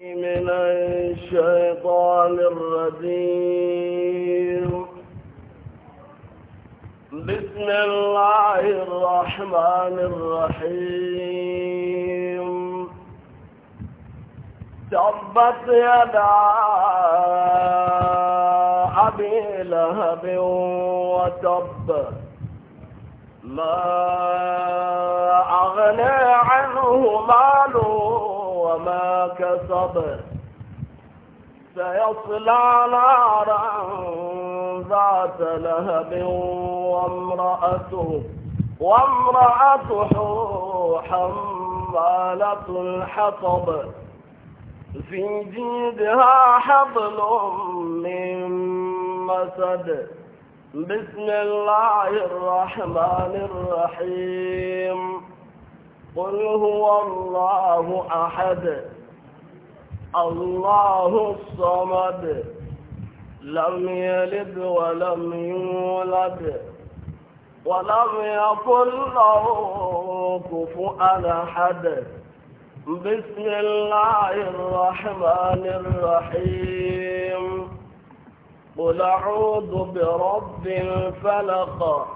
من الشيطان الرجيم بسم الله الرحمن الرحيم تبت يدا أبي لهب وتب ما أغنى عنه ماله وما كسب سيصلى نارا ذات لهب وامرأته وامرأته حمالة الحطب في جيدها حبل من مسد بسم الله الرحمن الرحيم قل هو الله أحد الله الصمد لم يلد ولم يولد ولم يكن له كفؤا أحد بسم الله الرحمن الرحيم قل أعوذ برب الفلق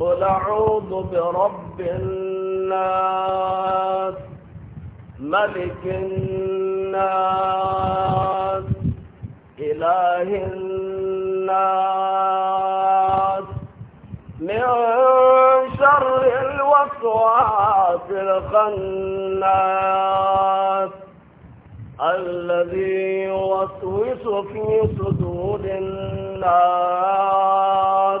قل أعوذ برب الناس ملك الناس إله الناس من شر الوسواس الخناس الذي يوسوس في صدور الناس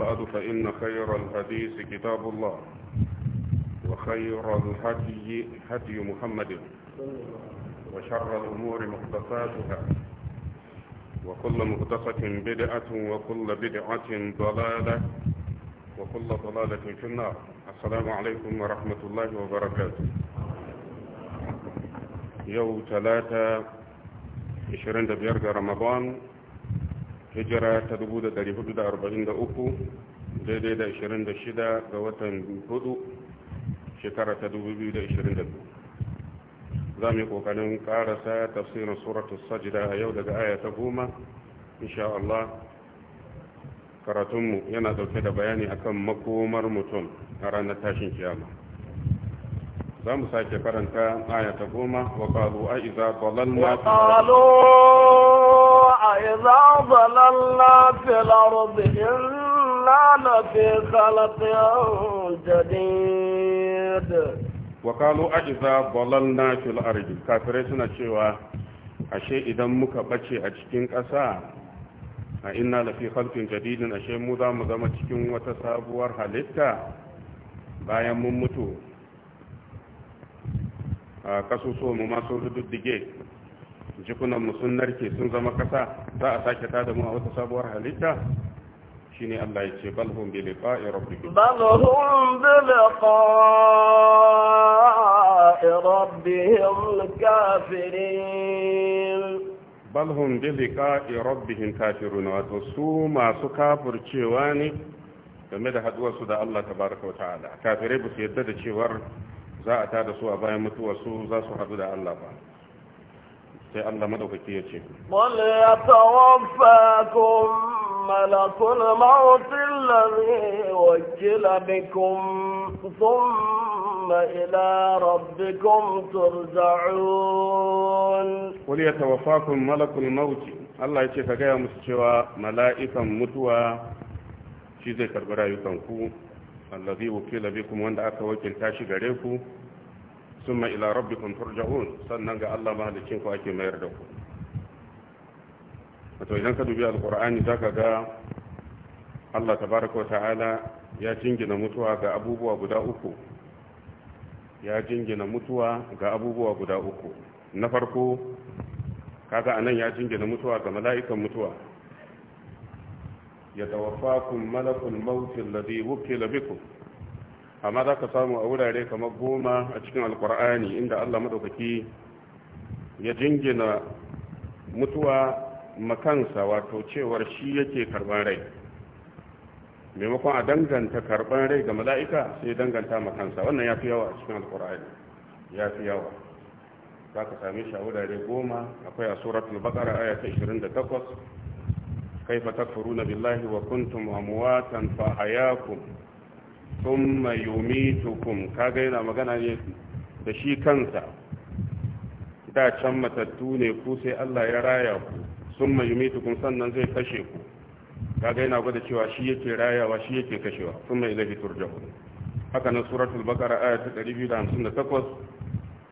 بعد فإن خير الحديث كتاب الله وخير الحدي هدي محمد وشر الأمور مختصاتها وكل مختصة بدعة وكل بدعة ضلالة وكل ضلالة في النار السلام عليكم ورحمة الله وبركاته يوم ثلاثة 25 رمضان hijira ta uku, daidai da 26 ga watan hudu shekara ta 2022 za mu yi kokarin karasa tafsirin suratul sajida a yau daga aya ta goma insha Allah karatunmu yana dauke da bayani akan makomar mutum a ranar tashin kiyama za mu sake karanta aya ta goma wa qalu a iza dalalna وإذا ضللنا في الأرض إنا لفي خلق جديد وقالوا أجزا ضللنا في الأرض كافرين شيوا ashe idan muka bace a cikin ƙasa a ina lafi halkin jadidin ashe mu za zama cikin wata sabuwar halitta bayan mun mutu a kasuso mu masu duddige jikunan mu sun narke sun zama kasa za a sake tada mu a wata sabuwar halitta shine Allah ya ce bal hum bi liqa'i rabbihim bal hum bi liqa'i rabbihim kafirin bal hum bi liqa'i rabbihim kafirun wato su masu kafircewa ne game da haduwarsu da Allah tabaraka wata'ala kafirai ba su yadda da cewar za a tada su a bayan mutuwarsu za su hadu da Allah ba sai Allah madaukaki ya ce wal yatawaffakum malakul maut alladhi wakila bikum thumma ila rabbikum turja'un wal yatawaffakum malakul maut Allah ya ce ka gaya musu cewa mala'ikan mutuwa shi zai karbi rayukanku allazi wakila bikum wanda aka wakilta shi gare ku summa ila kun turja'un sannan ga Allah ma mahalicin ku ake mayar da ku wato idan ka dubi za ka ga Allah tabaraka wa ta'ala ya jingina mutuwa ga abubuwa guda uku ya jingina mutuwa ga abubuwa guda uku na farko kaga anan ya jingina mutuwa ga mala'ikan mutuwa ya tawaffakum malakul mautin ladhi wukila bikum amma za ka samu a wurare kamar goma a cikin alkur'ani inda allah madaukaki ya jingina mutuwa makansa wato cewar shi yake karban rai maimakon a danganta karban rai ga mala'ika sai danganta makansa wannan ya fi yawa a cikin alkur'ani ya fi yawa za ka sami shi a wurare goma akwai a suratul baqara aya ta 28 kaifa takfuruna billahi wa kuntum amwatan fa hayakum Sun thumma yumitukum kaga yana magana ne da shi kansa da can matattu ne ku sai Allah ya raya ku Sun thumma yumitukum sannan zai kashe ku kaga yana gwada cewa shi yake rayawa shi yake kashewa Sun mai ilayhi turja'un haka nan suratul baqara aya ta 258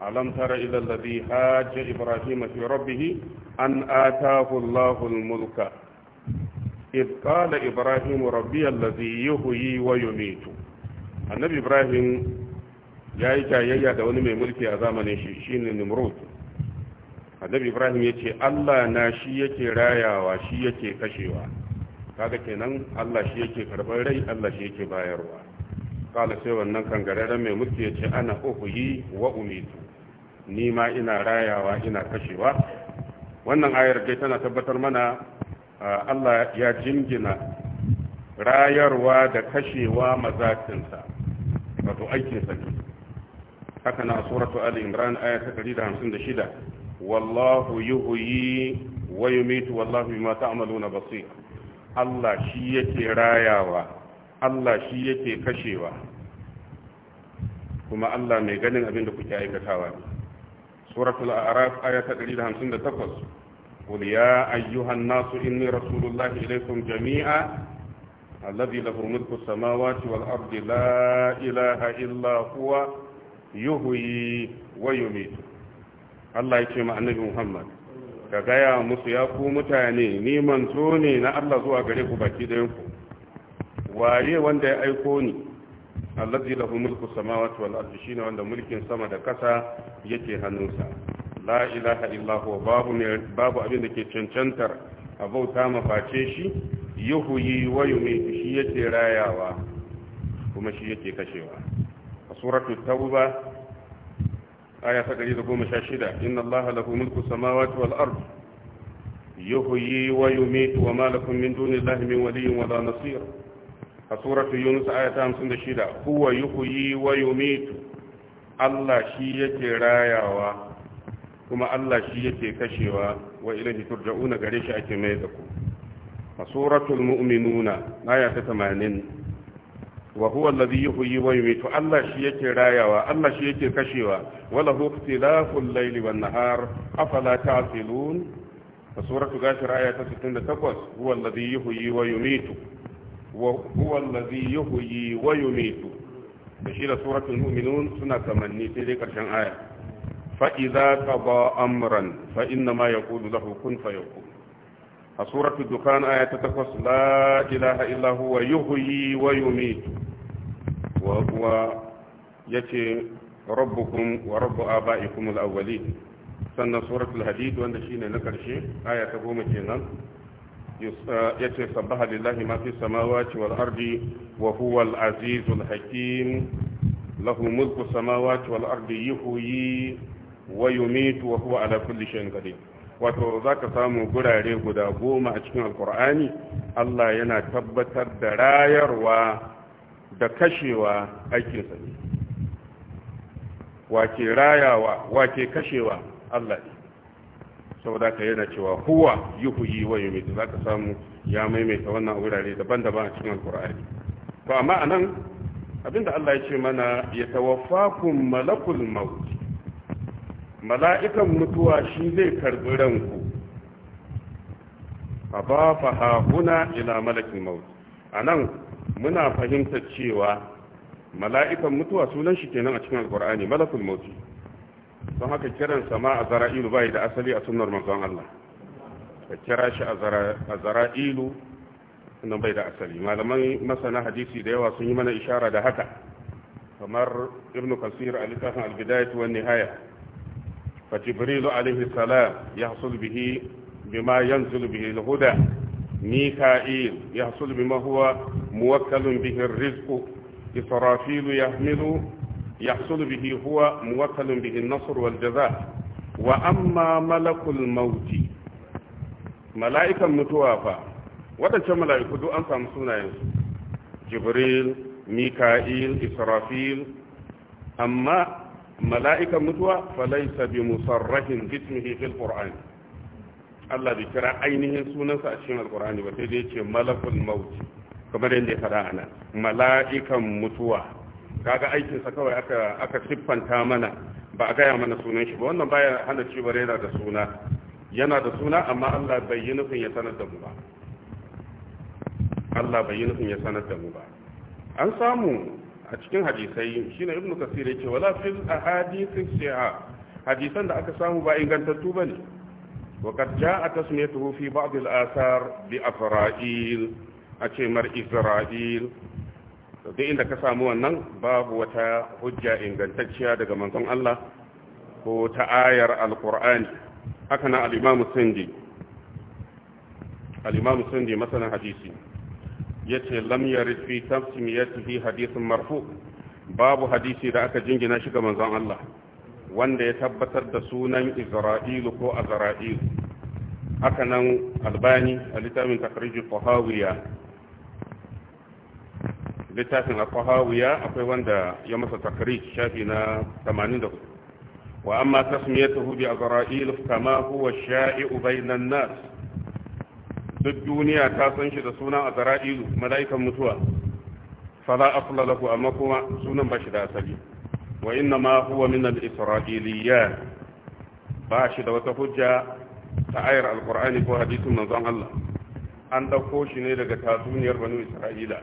ألم تر إلى الذي هاج إبراهيم في ربه أن آتاه الله الملك إذ قال إبراهيم ربي الذي يهيي ويميت annabi ibrahim ya yi jayayya da wani mai mulki a zamanin shi shi ne nimrod annabi ibrahim ya ce allah na shi yake rayawa shi yake kashewa kaga kenan allah shi yake karɓar rai allah shi yake bayarwa kala sai wannan kangararren mai mulki ya ce ana uhuyi wa umitu ni ma ina rayawa ina kashewa wannan ayar dai tana tabbatar mana allah ya jingina rayarwa da kashewa mazakinsa wato aikin sa haka na suratu ali imran aya ta 156 wallahu yuhyi wa yumitu wallahu bima ta'maluna basir Allah shi yake rayawa Allah shi yake kashewa kuma Allah mai ganin abin da kuke aikatawa suratul a'raf aya ta 158 qul ya ayyuhan nasu inni rasulullahi ilaykum jami'a الذي له ملك السماوات والأرض لا إله إلا هو يهوي ويميت الله يتيما النبي محمد ka gaya musu ya ku mutane ni manzo ne na Allah zuwa gare ku baki ɗayan ku waye wanda ya aiko ni allazi lahu mulku samawati wal ardi shine wanda mulkin sama da kasa yake hannunsa la ilaha babu abin da ke cancantar abauta maface shi yi wa yumiitu shi yake rayawa kuma shi yake kashewa a suratul tauba aya ta 116 inna allaha lahu mulku samawati wal Yuhu yi wa yumiitu wa ma lakum min dunillahi min waliyyin wa la nasir a suratul yunus aya ta 56 huwa yi wa yumiitu Allah shi yake rayawa kuma Allah shi yake kashewa wa ilahi turja'una gare shi ake mai da ku a suratul mu'minuna 80 wa huwa alladhi yuhyi wa yumiitu Allah shi yake rayawa Allah shi yake kashewa wala hu ikhtilaful layli wan nahar a ta 68 da shi da suratul mu'minun suna kamanni sai dai karshen aya fa amran fa inna a suratul dukan aya ta takwas la ilaha illa huwa yuhyi wa yumiitu wa huwa yace rabbukum wa rabbu abaikum al-awwalin sannan suratul hadid wanda shine na karshe aya ta goma kenan yace sabbaha lillahi ma fi samawati wal ardi wa huwa al-azizul hakim lahu mulku samawati wal ardi yuhyi wa yumiitu wa huwa ala kulli shay'in qadir wato za ka samu gurare guda goma a cikin alkur'ani allah yana tabbatar da rayarwa da kashewa aikinsa ne wake rayawa wake kashewa allah ne saboda ka yana cewa huwa yuhuyi wa yumitu za ka samu ya maimaita wannan wurare daban-daban a cikin alkur'ani to amma anan abinda allah ya ce mana ya tawaffakum malakul Mauti. mala'ikan mutuwa shi zai karbi ranku a ba fahahuna ila malakin maut a nan muna fahimtar cewa mala'ikan mutuwa sunan shi kenan a cikin alkur'ani malakul mauti don haka kiran sama a zara'ilu bai da asali a sunnar manzon Allah ka kira shi a zara'ilu nan bai da asali malaman masana hadisi da yawa sun yi mana ishara da haka kamar ibnu kasir a littafin albidayat wa nihaya فجبريل عليه السلام يحصل به بما ينزل به الهدى ميكائيل يحصل بما هو موكل به الرزق إسرافيل يحمل يحصل به هو موكل به النصر والجزاء وأما ملك الموت ملائكة متوافى waɗancan mala'iku duk an samu sunayensu jibril mika'il israfil amma mala'ikan mutuwa فليس bi musarrahin في fil الله ذكر عينه kira ainihin sunansa a cikin alqur'ani ba sai dai yace malakul ya fara ana mala'ikan mutuwa kaga aikin sa kawai aka aka siffanta mana ba a gaya mana sunan shi ba wannan baya hana yana da suna yana da suna amma Allah bai yi nufin ya sanar da mu ba Allah bai yi nufin ya sanar da mu ba an samu a cikin hadisai shine ibnu kasir ce wala fil ahadith shi'a hadisan da aka samu ba ingantattu ne wa qad jaa tasmiyatuhu fi ba'd al athar bi afra'il a ce mar isra'il da inda ka samu wannan babu wata hujja ingantacciya daga manzon Allah ko ta ayar alqur'ani haka na al-imam sindi al-imam sindi masalan hadisi yace lam yarid fi tafi hadithun marfu babu hadisi da aka jingina shi ga manzon Allah wanda ya tabbatar da sunan Isra'ilu ko Azra'il haka nan Albani a littafin takrijul fahawiya littafin fahawiya akwai wanda ya masa takrij shafi na 84 wa amma tasmiyatuhu bi Azra'il kama huwa sha'i'u bainan duk duniya ta san shi da sunan azra'ilu mala'ikan mutuwa fala asla lahu amma kuma sunan bashi da asali wa inna ma huwa min al Ba shi da wata hujja ta ayar alqur'ani ko hadisin manzon Allah an dauko shi ne daga tatsuniyar banu isra'ila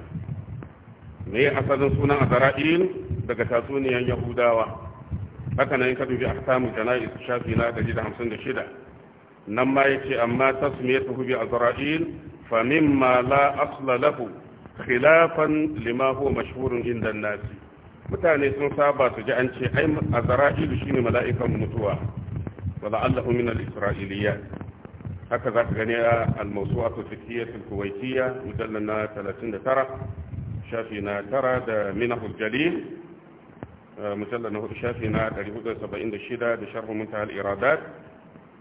me asalin sunan azra'il daga tatsuniyar yahudawa haka nan ka dubi ahkamu janaiz shafi na 156 nan ma yace amma tasmiyatuhu bi azra'il fa mimma la asla lahu khilafan lima huwa mashhurun inda an-nas mutane sun saba su ji an ce ai azra'ilu shine mala'ikan mutuwa wala allahu min al-isra'iliyat haka zaka gani a al-mawsu'atu fikiyyah al-kuwaitiyyah mujallal na 39 shafi na 9 da minahul jalil mujallal na shafi na 476 da sharh muntaha al-iradat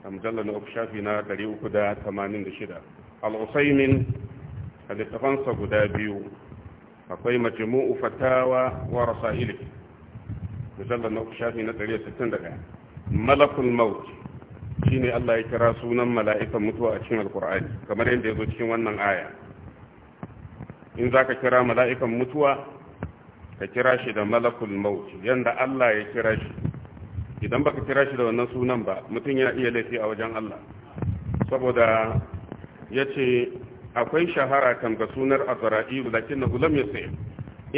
a mujallar na uku shafi na 386 al'usaimin a littafansa guda biyu akwai majmu'u fatawa wa rasaili mujallar na uku shafi na 161 malakul maut shine Allah ya kira sunan mala'ikan mutuwa a cikin alkur'ani kamar yadda ya zo cikin wannan aya in zaka kira mala'ikan mutuwa ka kira shi da Malakun maut yanda Allah ya kira shi idan baka kira shi da wannan sunan ba mutum ya iya laifi a wajen Allah saboda ya ce akwai shahara kan ga sunar azra'ilu lakin nahu lam sai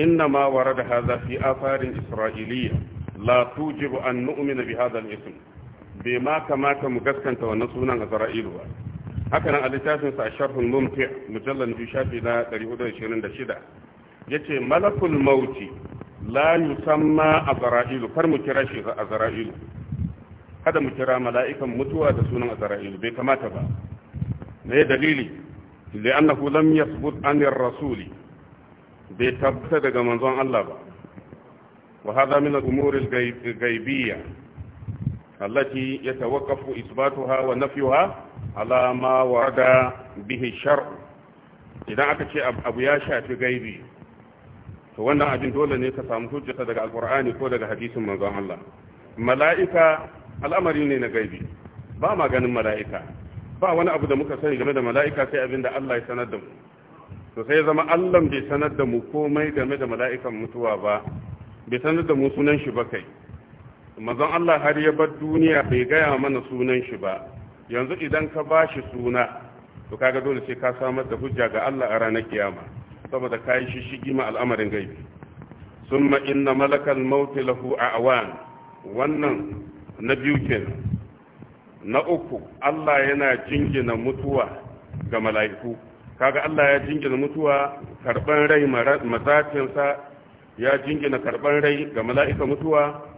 inna ma warada hadha fi afarin isra'iliyya la tujibu an nu'mina bi hadha al-ism bai ma kamata mu gaskanta wannan sunan azra'ilu ba haka nan a littafin sa sharhul mumti' mujallal fi shafi na 426 yace malakul mauti la yusamma azra'ilu kar mu kira shi azra'ilu kada mu kira mala'ikan mutuwa da sunan azra'ilu bai kamata ba me dalili li'annahu lam yasbut anir rasuli bai tabbata daga manzon Allah ba wa hada min al-umur al-ghaibiyya allati yatawaqqafu isbatuha wa nafyuha ala ma warada bihi shar idan aka ce abu ya shafi gaibi to wannan abin dole ne ka samu hujjata daga alkur'ani ko daga hadisin manzon Allah mala'ika al'amari ne na gaibi ba ma ganin mala'ika ba wani abu da muka sani game da mala'ika sai abin da Allah ya sanar da mu to sai zama Allah bai sanar da mu komai game da mala'ikan mutuwa ba bai sanar da mu sunan shi ba kai manzon Allah har ya bar duniya bai gaya mana sunan shi ba yanzu idan ka ba shi suna to kaga dole sai ka samar da hujja ga Allah a ranar kiyama saboda kayi shishigi ma al'amarin gaibi summa inna malakal maut lahu a'wan wannan na biyu kenan na uku Allah yana jingina mutuwa ga mala'iku kaga Allah ya jingina mutuwa karban rai mazatinsa ya jingina karban rai ga mala'ika mutuwa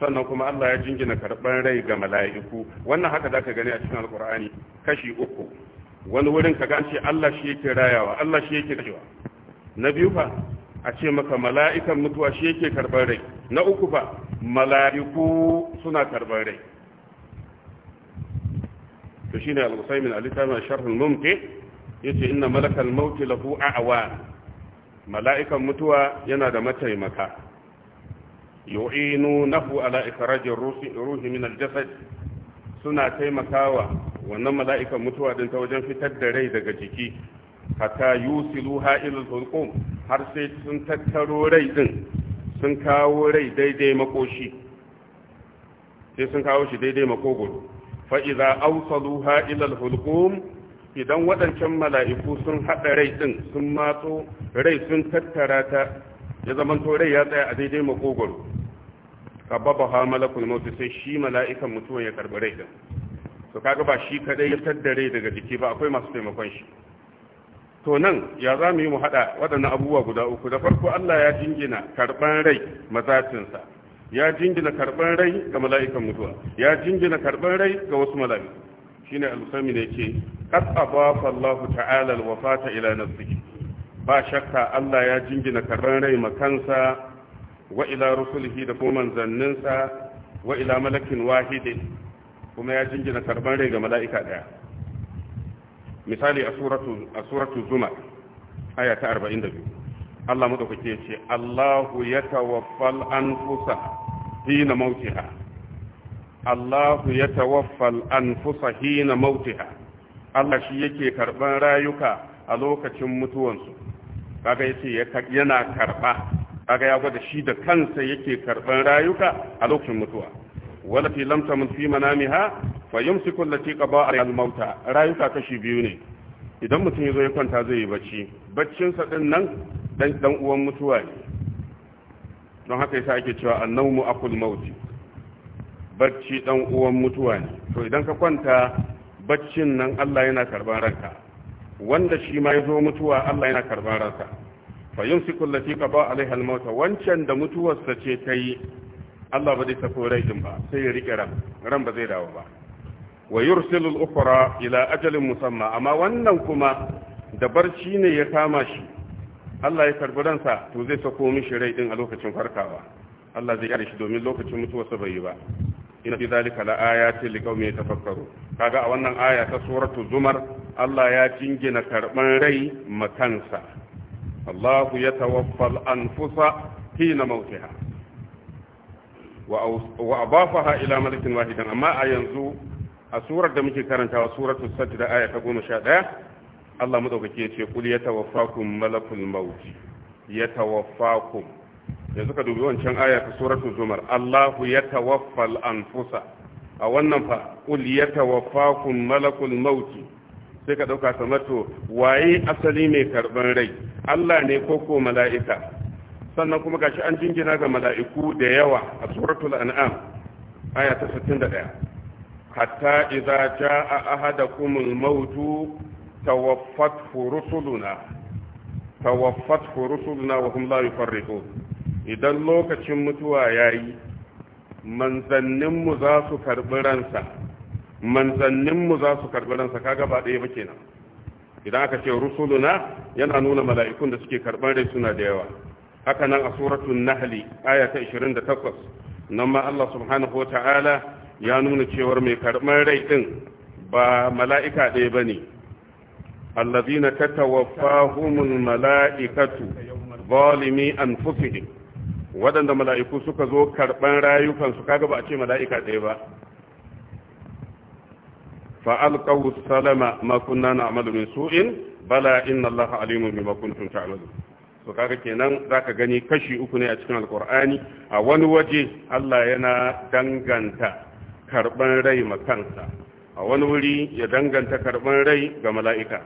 sannan kuma Allah ya jingina karban rai ga mala'iku wannan haka ka gani a cikin alkur'ani kashi uku wani wurin kaga an ce Allah shi yake rayawa Allah shi yake kashewa na biyu fa a ce maka mala'ikan mutuwa shi yake karɓar rai na uku fa mala'iku suna karɓar rai to shi ne al-usaimin al-littafin sharhul mumti ya ce ina malakal mauti lahu a'awa mala'ikan mutuwa yana da mataimaka yu'inu nahu ala ikhrajir ruhi min al-jasad suna taimakawa wannan mala'ikan mutuwa din ta wajen fitar da rai daga jiki hatta yusilu ilal hulqum har sai sun tattaro rai din sun kawo rai daidai makoshi sai sun kawo shi daidai makogoro fa idza awsaluha ilal hulqum idan waɗancan mala'iku sun haɗa rai din sun matso rai sun tattara ta ya zamanto rai ya tsaya a daidai makogoro kababa ha malakul mautu sai shi mala'ikan mutuwan ya karɓi rai din to kaga ba shi kadai ya tattare daga jiki ba akwai masu taimakon shi to nan ya za mu yi mu haɗa waɗannan abubuwa guda uku da farko Allah ya jingina karɓan rai mazatinsa ya jingina karɓan rai ga mala'ikan mutuwa ya jingina karɓan rai ga wasu mala'i shi al-sami ne ce qad abafa Allah ta'ala al-wafata ila nafsihi ba shakka Allah ya jingina karɓan rai makansa wa ila rusulihi da kuma manzanninsa wa ila malakin wahidin kuma ya jingina karɓan rai ga mala'ika ɗaya misali a suratu zuma aya ta 42 Allah madaukake ya ce Allahu yatawaffal anfusa hina mautiha Allahu an anfusa hina mautiha Allah shi yake karban rayuka a lokacin mutuwansu kaga yace yana karba kaga ya gwada shi da kansa yake karban rayuka a lokacin mutuwa والتي لم تمن في منامها فيمسك التي قضى عليها الموت رايuka kashi biyu ne idan mutum yazo ya kwanta zai yi bacci baccin sa din nan dan dan uwan mutuwa ne don haka yasa ake cewa annawmu aqul mauti. bacci dan uwan mutuwa ne to idan ka kwanta baccin nan Allah yana karban ranka wanda shi ma yazo mutuwa Allah yana karban ranka fa yumsiku allati qada alaiha al-maut wancan da mutuwarsa ce ta yi Allah ba zai sako rai din ba sai ya rike ran ran ba zai dawo ba wa yursilu al-ukhra ila ajalin musamma amma wannan kuma da barci ne ya kama shi Allah ya karbi ransa to zai sako mishi rai din a lokacin farkawa Allah zai kare shi domin lokacin mutuwarsa bai yi ba ina fi zalika la ayati liqaumin yatafakkaru kaga a wannan aya ta suratu zumar Allah ya jingina karban rai makansa Allah ya tawaffal anfusa hina mautiha wa abafaha ila malikin wahidan amma a yanzu a surar da muke karantawa suratul sajda aya ta 11 Allah madaukake ya ce kul yatawaffakum malakul maut yatawaffakum yanzu ka dubi wancan aya ta suratul zumar Allahu yatawaffal anfusa a wannan fa kul yatawaffakum malakul maut sai ka dauka samato waye asali mai karban rai Allah ne koko mala'ika sannan kuma gashi an jingina ga mala'iku da yawa a suratul an'am aya ta 61 hatta idza jaa al-maut tawaffat rusuluna tawaffat rusuluna wa hum la yufarriqun idan lokacin mutuwa yayi mu za su karbi ransa mu za su karbi ransa kaga ba ɗaya ba kenan idan aka ce rusuluna yana nuna mala'ikun da suke karban rai suna da yawa haka nan a suratul nahli aya ta 28 nan ma Allah subhanahu wa ta'ala ya nuna cewar mai karɓar rai ɗin ba mala'ika ɗaya ta allazina tatawaffahumul mala'ikatu zalimi anfusihim waɗanda mala'iku suka zo karɓar rayukansu kaga ba a ce mala'ika ɗaya ba fa'alƙawus salama makunna na amalin su'in bala inna Allah alimun bi makuntun ta'amalu to kaga kenan zaka gani kashi uku ne a cikin alkur'ani a wani waje Allah yana danganta karban rai ma kansa a wani wuri ya danganta karban rai ga mala'ika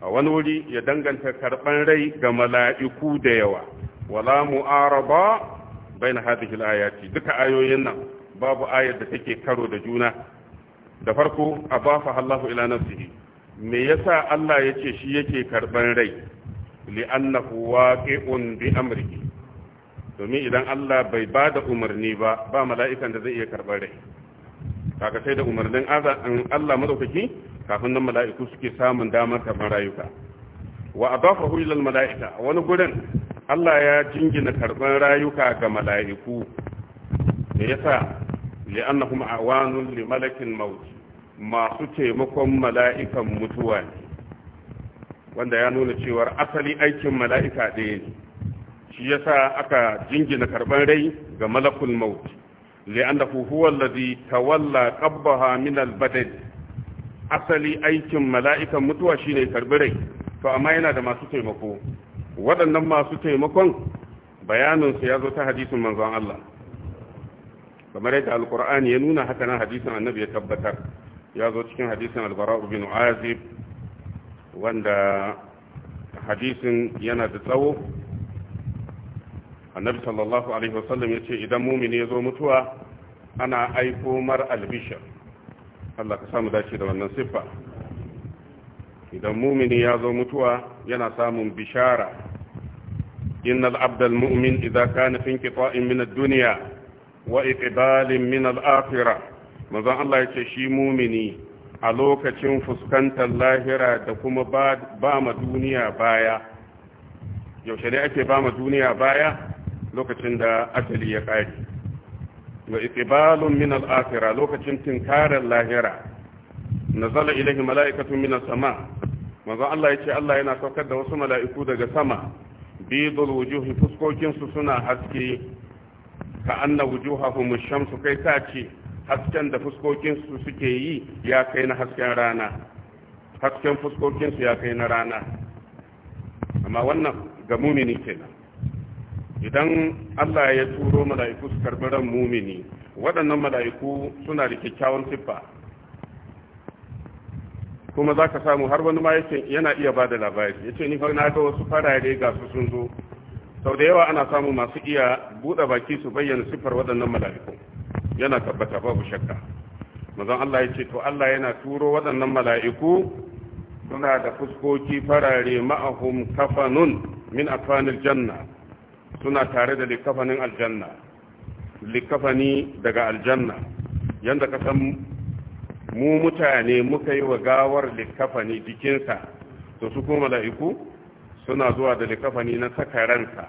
a wani wuri ya danganta karban rai ga mala'iku da yawa wala mu'araba bain hadhihi al-ayati duka ayoyin nan babu ayar da take karo da juna da farko abafa Allahu ila nafsihi me yasa Allah yace shi yake karban rai li'annahu waqi'un bi amrihi domin idan Allah bai ba da umarni ba ba mala'ikan da zai iya karbar rai kaga sai da umarnin Allah madaukaki kafin nan mala'iku suke samun damar karɓar rayuka wa adafahu ila mala'ika wani gurin Allah ya jingina karɓar rayuka ga mala'iku me yasa li'annahum awanun li malakin maut masu taimakon mala'ikan mutuwa ne wanda ya nuna cewar asali aikin mala'ika ɗaya ne shi yasa aka jingina karban rai ga malakul maut da huwa da tawalla qabbaha min badal asali aikin mala'ikan mutuwa shine karbi rai to amma yana da masu taimako waɗannan masu taimakon bayaninsu ya zo ta hadisin manzon Allah kamar yadda Alƙur'ani ya nuna haka nan hadisin annabi ya tabbatar ya zo cikin hadisin albara'u bin azib wanda hadisin yana da tsawo annabi sallallahu alaihi wasallam ya ce idan mumini ya zo mutuwa ana aiko mar albishir Allah ka samu dace da wannan siffa idan mumini ya zo mutuwa yana samun bishara Inna إن العبد المؤمن إذا كان في انقطاع من الدنيا وإقبال من Allah ya ce shi مؤمني a lokacin fuskantar lahira da kuma ba ma duniya baya yaushe ne ake ba ma duniya baya lokacin da asali ya ƙari wa iqbalun min al lokacin tinkarar lahira nazala idan mala'ikatun min as-sama manzo Allah ce Allah yana saukar da wasu mala'iku daga sama bidul wujuhi fuskokinsu suna haske ka anna wujuhahum shamsu kai ta ce hasken da fuskokinsu suke yi ya kai na hasken rana hasken fuskokinsu ya kai na rana amma wannan ga mumini kenan idan Allah ya turo mala'iku su karbi ran mumini waɗannan mala'iku suna da kyakkyawan siffa kuma za ka samu har wani ma yana iya ba da labari ya ce nifar na ga wasu farare ga su sun zo sau da yawa ana samu masu iya buɗe baki su bayyana siffar waɗannan mala'iku yana tabbata babu shakka mazan Allah ya ce to Allah yana turo waɗannan mala'iku suna da fuskoki farare ma'ahum kafanun min afanil janna suna tare da likafanin aljanna likafani daga aljanna yadda ka san mu mutane muka yi wa gawar likafani jikinsa to su kuma mala'iku suna zuwa da likafani na sakaransa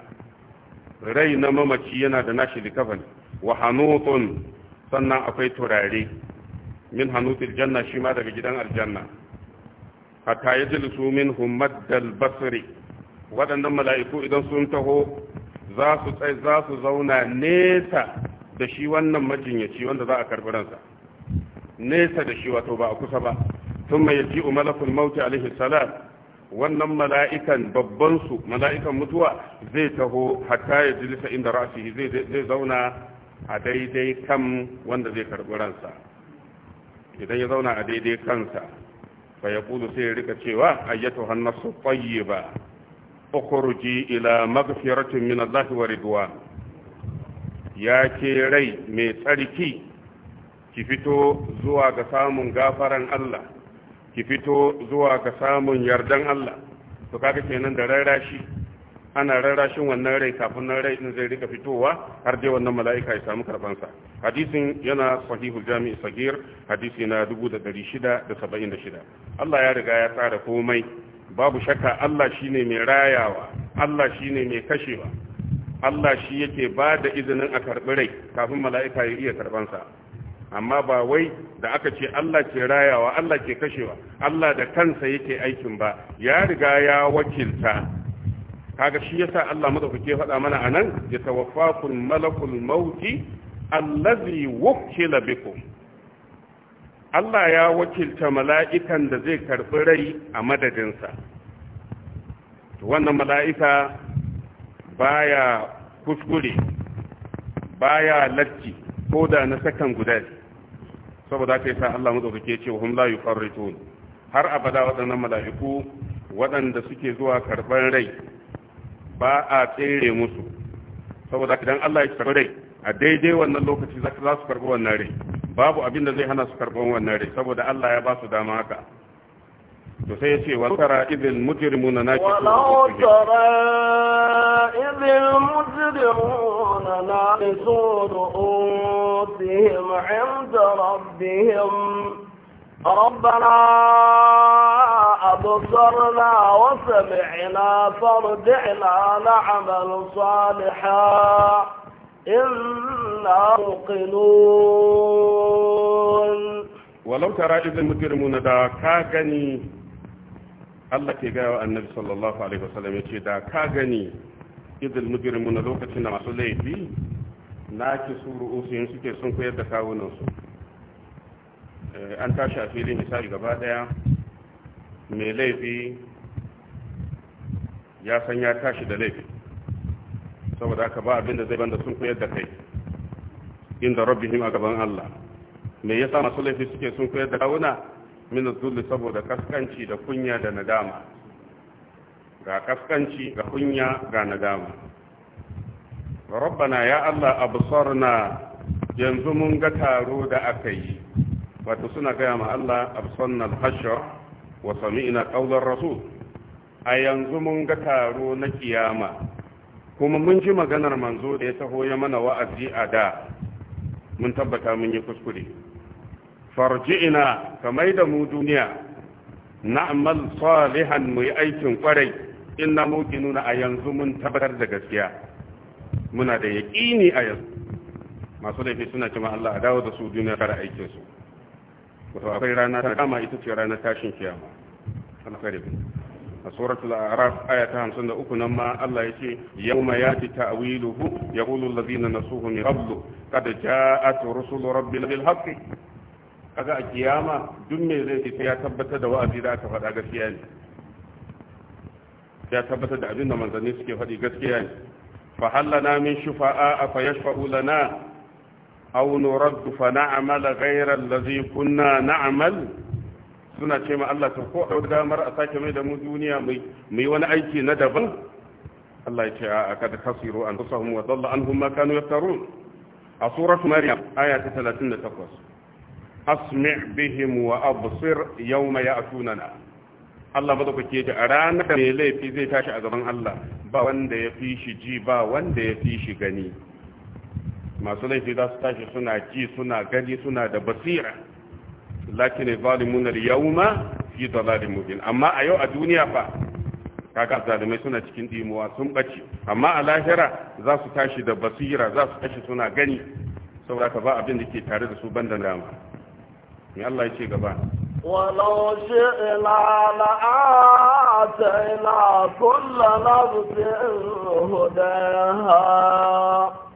rai na mamaci yana da nashi likafani wa hanutun sannan akwai turare min hanutul janna shi ma daga gidan aljanna hatta yajlisu minhum maddal basri waɗannan mala'iku idan sun taho za su tsai za su zauna nesa da shi wannan majinyaci wanda za a karɓi ransa nesa da shi wato ba a kusa ba tun mai yaji umalakul mauti alaihi salam wannan mala'ikan babban su mala'ikan mutuwa zai taho hatta ya jilisa inda ra'sihi zai zauna a daidai kan wanda zai karɓi ransa idan ya zauna a daidai kansa fa ya kudu sai ya rika cewa ayyatu hannasu ba. ukhruji ila maghfiratin min Allah wa ya ke rai mai tsarki ki fito zuwa ga samun gafaran Allah ki fito zuwa ga samun yardan Allah to kaga kenan da rarrashi ana rarrashin wannan rai kafin nan rai din zai rika fitowa har dai wannan mala'ika ya samu karbansa hadisin yana sahihul jami' sagir hadisi na 1676 Allah ya riga ya tsara komai babu shakka Allah shine mai rayawa Allah shine mai kashewa Allah shi yake ba da izinin a karbi rai kafin mala'ika ya iya karbansa amma ba wai da aka ce Allah ke rayawa Allah ke kashewa Allah da kansa yake aikin ba ya riga ya wakilta kaga shi yasa Allah madaukake faɗa mana anan ya tawaffakul malakul mauti allazi wukila bikum Allah ya wakilta mala'ikan da zai karɓi rai a madadinsa. Wannan mala'ika baya kuskure, baya latti ko da na sakan guda ne, saboda ka yi sa Allah mazaukake cewa hun layu farrito har abada waɗannan mala'iku waɗanda suke zuwa karɓar rai ba a tsere musu saboda idan Allah ya karɓi rai a daidai wannan lokaci za su karɓi wannan rai babu abin da zai hana su karɓan wannan rai saboda Allah ya ba su dama haka to sai ya ce wa tara idil mujrimuna nakisu wa tara idil mujrimuna nakisu ru'usihim 'inda rabbihim ربنا أبصرنا وسمعنا فارجعنا نعمل صالحا إنا موقنون ولو ترى إذا المجرمون دا كاغني الله كيغاو النبي صلى الله عليه وسلم يشي دا كاغني إذا المجرمون لوكتنا مسؤولي بي naki su ru'usiyin suke sun koyar da kawunansu an tashi a filin hisabi gaba daya mai laifi ya san ya tashi da laifi saboda aka ba abinda zai banda sun koyar da kai inda rabbihim a gaban Allah me yasa masu laifi suke sun koyar da kawuna min zulli saboda kaskanci da kunya da nadama ga kaskanci ga kunya ga nadama rabbana ya Allah absarna yanzu mun ga taro da aka yi wato suna gaya ma Allah absarna al-hashr wa sami'na qawlar rasul a yanzu mun ga taro na kiyama kuma mun ji maganar manzo da ya taho ya mana wa'azi a da mun tabbata mun yi kuskure farji'ina kamai da mu duniya na'mal salihan mu yi aikin kwarai inna muqinuna a yanzu mun tabbatar da gaskiya muna da yaqini a yanzu masu laifi suna cewa Allah a dawo da su duniya kar aikin su wato akwai rana ta kama ita ce ranar tashin kiyama alkaribin a suratul araf aya ta hamsin da uku nan ma Allah ya ce ya yawma yati ta'wiluhu yaqulu allazina nasuhu min qablu qad ja'at rusulu rabbil bil haqqi kaga a kiyama duk me zai fita ya tabbatar da wa'azi da aka faɗa gaskiya ne ya tabbatar da abin da manzanni suke faɗi gaskiya ne fa hallana min shufa'a fa yashfa'u lana aw nuraddu fa na'mala ghayra allazi kunna na'mal suna ce ma Allah ta ko da damar a sake mai da mu duniya mai mai wani aiki na daban Allah ya ce a kad khasiru an tusahum wa dalla anhum ma kanu yaftarun a surat maryam aya asmi' wa Allah ta a ranar mai laifi zai tashi a gaban Allah ba wanda ya fi shi ji ba wanda ya fi shi gani masu laifi za su tashi suna ji suna gani suna da basira lakin zalimuna yawma fi dalalin mubin amma a yau a duniya fa kaga zalimai suna cikin dimuwa sun bace amma a lahira za su tashi da basira za su tashi suna gani saboda ka ba abin da ke tare da su banda dama Ni Allah ya ce gaba ولو شئنا لآتينا كل نفس هداها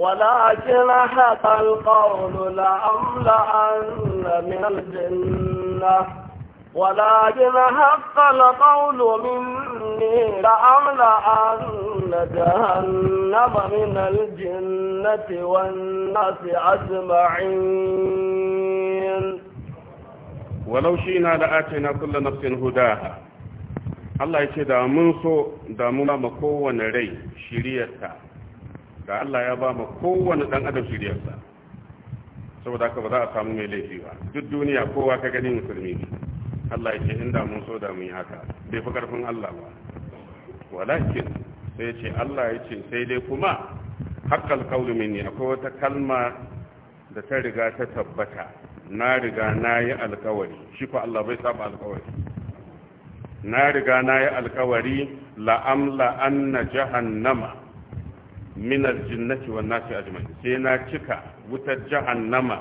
ولكن حق القول لأملأن من الجنة ولكن حق القول مني لأملأن جهنم من الجنة والناس أجمعين ولو شئنا لآتينا كل نفس هداها الله يشهد ce da mun نري da da Allah ya ba mu kowane dan adam shiriyarsa saboda haka ba za a samu mai laifi ba duk duniya kowa ka gani musulmi ne Allah ya ce inda mun so da mun yi haka bai fi karfin Allah ba walakin sai ya ce Allah ya ce sai dai kuma hakkal kaulu minni akwai wata kalma da ta riga ta tabbata na riga na yi alkawari shi ko Allah bai saba alkawari na riga na yi alkawari la'amla anna jahannama min aljinnati wan nasi ajma'in sai na cika wutar jahannama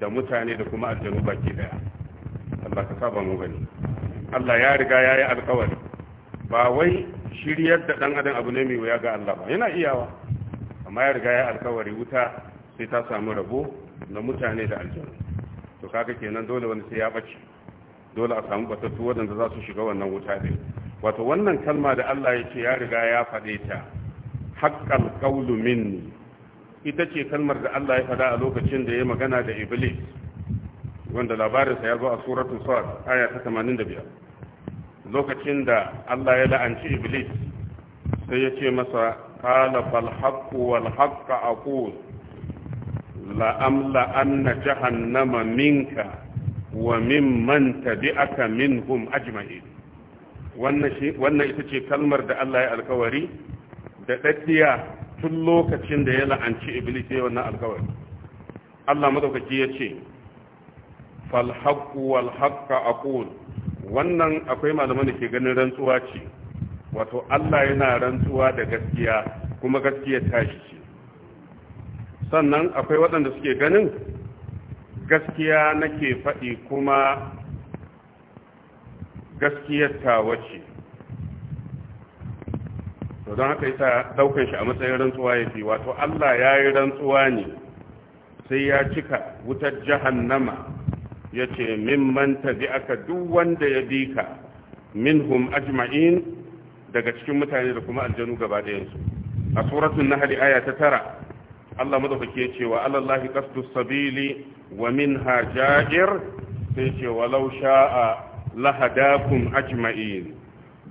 da mutane da kuma aljanu baki daya Allah ka saba mu gani Allah ya riga ya yi alkawari ba wai shiryar da dan adam abu ne mai wuya ga Allah ba yana iyawa amma ya riga ya alkawari wuta sai ta samu rabo na mutane da aljanu to kaga kenan dole wani sai ya bace dole a samu batattu waɗanda za su shiga wannan wuta ne. wato wannan kalma da Allah ya ce ya riga ya faɗe ta haƙƙal ƙaulu minni ita ce kalmar da Allah ya faɗa a lokacin da ya magana da Iblis wanda labarinsa ya zo a suratun sad aya ta 85 lokacin da Allah ya la'anci Iblis sai ya ce masa qala fal haqqu wal haqqa aqul la amla anna jahannama minka wa mimman tabi'aka minhum ajma'in wannan wannan ita ce kalmar da Allah ya alkawari da daddiya tun lokacin da ya la'anci iblis ya wannan alkawari Allah madaukaki ya ce fal haqqu wal aqul wannan akwai malaman da ke ganin rantsuwa ce wato Allah yana rantsuwa da gaskiya kuma gaskiya shi ce sannan akwai waɗanda suke ganin gaskiya nake faɗi kuma gaskiyar ta wace to don haka yasa daukan shi a matsayin rantsuwa yafi wato Allah ya yi rantsuwa ne sai ya cika wutar jahannama ya ce mimman tabi aka duk wanda ya bi ka minhum ajma'in daga cikin mutane da kuma aljanu gaba ɗayansu a suratul nahl aya ta tara Allah madaukake ya ce wa alallahi qasdus sabili wa minha ja'ir sai ce walau sha'a lahadakum ajma'in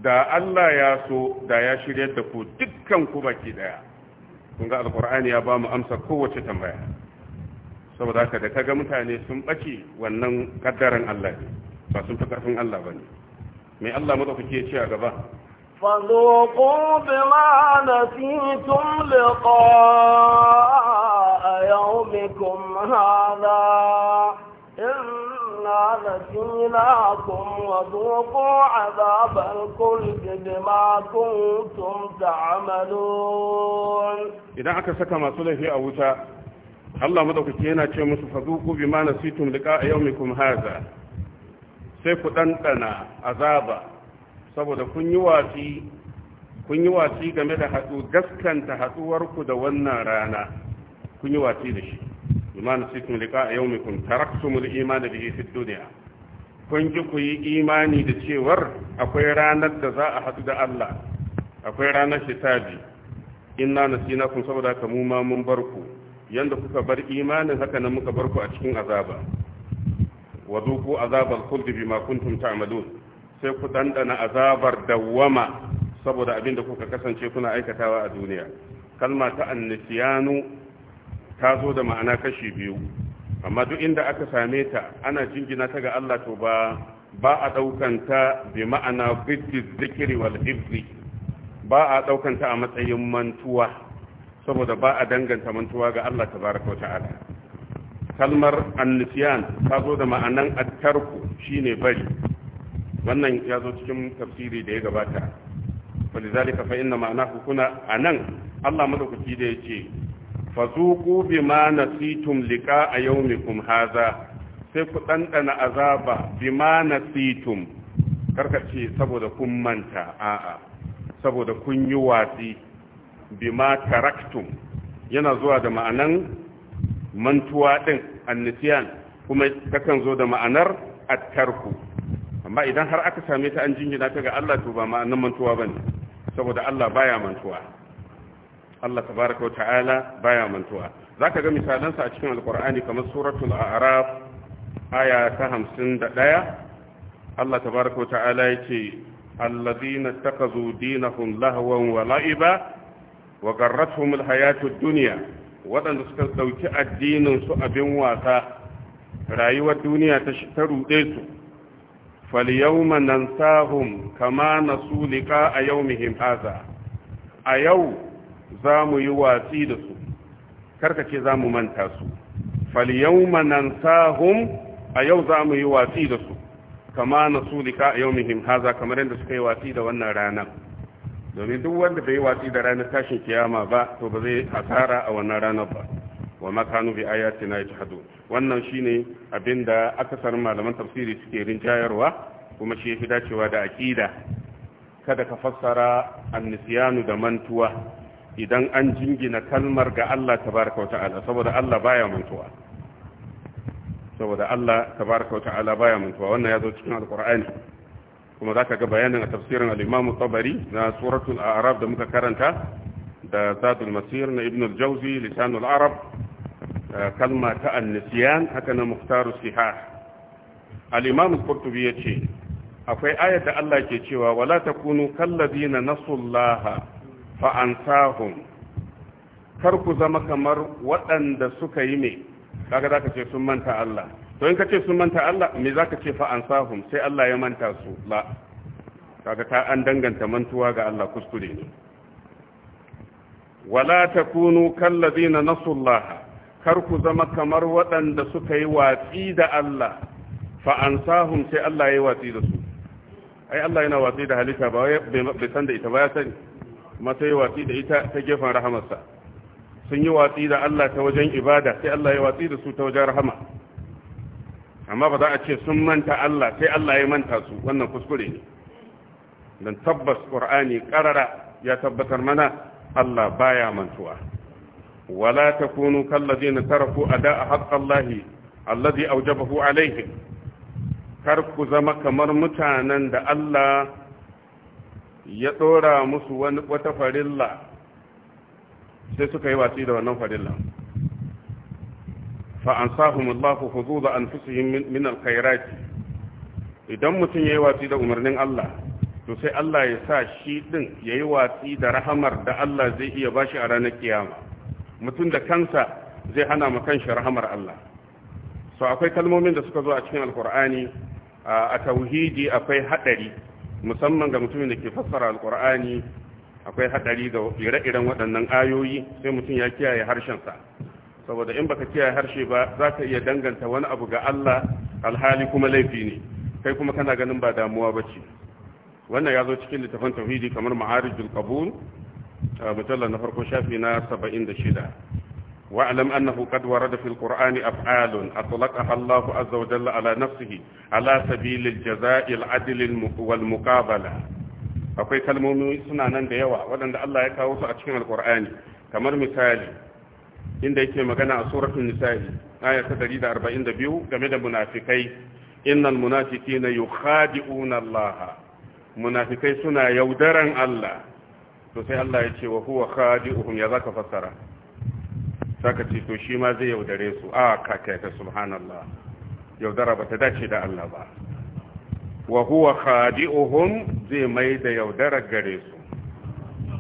da Allah ya so da ya shirya da ku dukkan ku baki daya kun ga alkur'ani ya ba mu amsa kowace tambaya saboda haka da kaga mutane sun bace wannan kaddaran Allah ne ba sun fi karfin Allah bane mai Allah mu dauke ce a gaba فذوقوا بما نسيتم لقاء يومكم هذا أخذنا ذكيناكم وذوقوا عذاب الكلد بما كنتم تعملون إذا أكسك ما صلحي أو تا الله مدوك تينا تشمس فذوقوا بما نسيتم لقاء يومكم هذا سيف تنتنا عذابا saboda kun yi wasi kun yi wasi game da haɗu gaskanta haɗuwarku da wannan rana kun yi wasi da shi bima nasitum liqa yawmikum taraktumul iman bihi fid dunya kun ji ku yi imani da cewar akwai ranar da za a haɗu da Allah akwai ranar shitabi inna nasinakum saboda ka mu ma mun bar ku yanda kuka bar imanin haka nan muka bar ku a cikin azaba wa azabar azabal khuldi bima kuntum ta'malun sai ku dandana azabar dawwama saboda abin da kuka kasance kuna aikatawa a duniya kalma ta annisiyanu ta zo da ma'ana kashi biyu amma duk inda aka same ta ana jingina ta ga Allah to ba ba a ɗaukanta bi ma'ana biddi zikiri wal ibri ba a ɗaukanta a matsayin mantuwa saboda ba a danganta mantuwa ga Allah tabaraka ta'ala kalmar annisyan ta zo da ma'anan attarku shine bari wannan ya zo cikin tafsiri da ya gabata fa lizalika fa inna ma'anahu kuna anan Allah madaukaki da yake fazuku bima nasitum liƙa a yaumikum haza sai ku ɗanɗana azaba bima nasitum karkace saboda kun manta a'a saboda kun yi watsi bima taraktum yana zuwa da ma'anan mantuwa ɗin annisiyan kuma takan zo da ma'anar attarku amma idan har aka same ta an jingina ta ga Allah to ba ma'anan mantuwa ne, saboda Allah baya mantuwa Allah tabaraka wa ta'ala baya mantuwa zaka ga misalansa a cikin alqur'ani kamar suratul a'raf aya ta 51 Allah tabaraka wa ta'ala yace alladhina takazu dinahum lahwan wa la'iba wa garratuhum alhayatud dunya waɗanda suka dauki addinin su abin wasa rayuwar duniya ta rude su falyawma nansahum kama nasu liqa a yawmihim hadha a yau za mu yi watsi da su karkace za mu manta su falyawma nansahum a yau za mu yi watsi da su kama na su a yau muhim haza kamar yadda suka yi watsi da wannan rana domin duk wanda bai yi watsi da ranar tashin kiyama ba to ba zai asara a wannan ranar ba wa makanu bi na yajhadu wannan shine abinda akasar malaman tafsiri suke rinjayarwa kuma shi yafi dacewa da aqida kada ka fassara annisiyanu da mantuwa idan an jingina kalmar ga Allah tabaraka wata'ala saboda Allah baya mantuwa saboda Allah tabaraka wata'ala baya mantuwa wannan ya zo cikin alqur'ani kuma zaka ga bayanin a tafsirin al-Imam tabari na suratul a'raf da muka karanta da zadul masir na ibn al-jawzi lisanul arab kalma ta an-nisyan haka na muhtarus sihah al-Imam qurtubi yace akwai ayat da Allah ke cewa wala takunu kallazina nasullaha fa'ansahun kar ku zama kamar waɗanda suka yi ne kaga za ka ce sun manta Allah to in ka ce sun manta Allah me za ka ce fa'ansahun sai Allah ya manta su la kaga ta an danganta mantuwa ga Allah kuskure ne wala takunu na nasullaha kar ku zama kamar waɗanda suka yi watsi da Allah fa'ansahun sai Allah ya yi watsi da su ai Allah yana watsi da halitta ba bai san da ita ba ya sani amma sai watsi da ita ta gefen rahamarsa sun yi watsi da Allah ta wajen ibada sai Allah ya watsi da su ta wajen rahama amma ba za a ce sun manta Allah sai Allah ya manta su wannan kuskure ne dan tabbas qur'ani qarara ya tabbatar mana Allah baya mantuwa wala takunu kallazina taraku ada'a haqqallahi alladhi awjabahu alaihim kar ku zama kamar mutanen da Allah ya ɗora musu wata farilla sai suka yi watsi da wannan farilla fa'ansahun allahu huzu da an min alkhairati idan mutum ya yi watsi da umarnin allah to sai allah ya sa shi ɗin ya yi watsi da rahamar da allah zai iya bashi a ranar kiyama mutum da kansa zai hana ma kanshi rahamar allah so akwai kalmomin da suka zo a cikin alkur'ani a tauhidi akwai haɗari musamman ga mutumin da ke fassara alkur'ani akwai hadari ga ire-iren waɗannan ayoyi sai mutum ya kiyaye harshensa saboda in baka kiyaye harshe ba za ka iya danganta wani abu ga Allah alhali kuma laifi ne kai kuma kana ganin ba damuwa ba ce wannan ya zo cikin littafin tauhidi kamar ma'arijul qabul mujalla na farko shafi na saba'in da shida. واعلم أنه قد ورد في القرآن أفعال أطلقها الله عز وجل على نفسه على سبيل الجزاء العدل والمقابلة akwai kalmomi suna nan da yawa waɗanda Allah ya kawo su a cikin alkur'ani kamar misali inda yake magana a suratul nisa'i aya ta 142 game da munafikai innal munafiqina yukhadi'una Allah munafikai suna yaudaran Allah to sai Allah ya ce wa huwa khadi'uhum ya zaka fassara saka ce to shi ma zai yaudare su a kaka ta subhanallah yaudara ba ta dace da Allah ba wa huwa khadi'uhum zai mai da yaudara gare su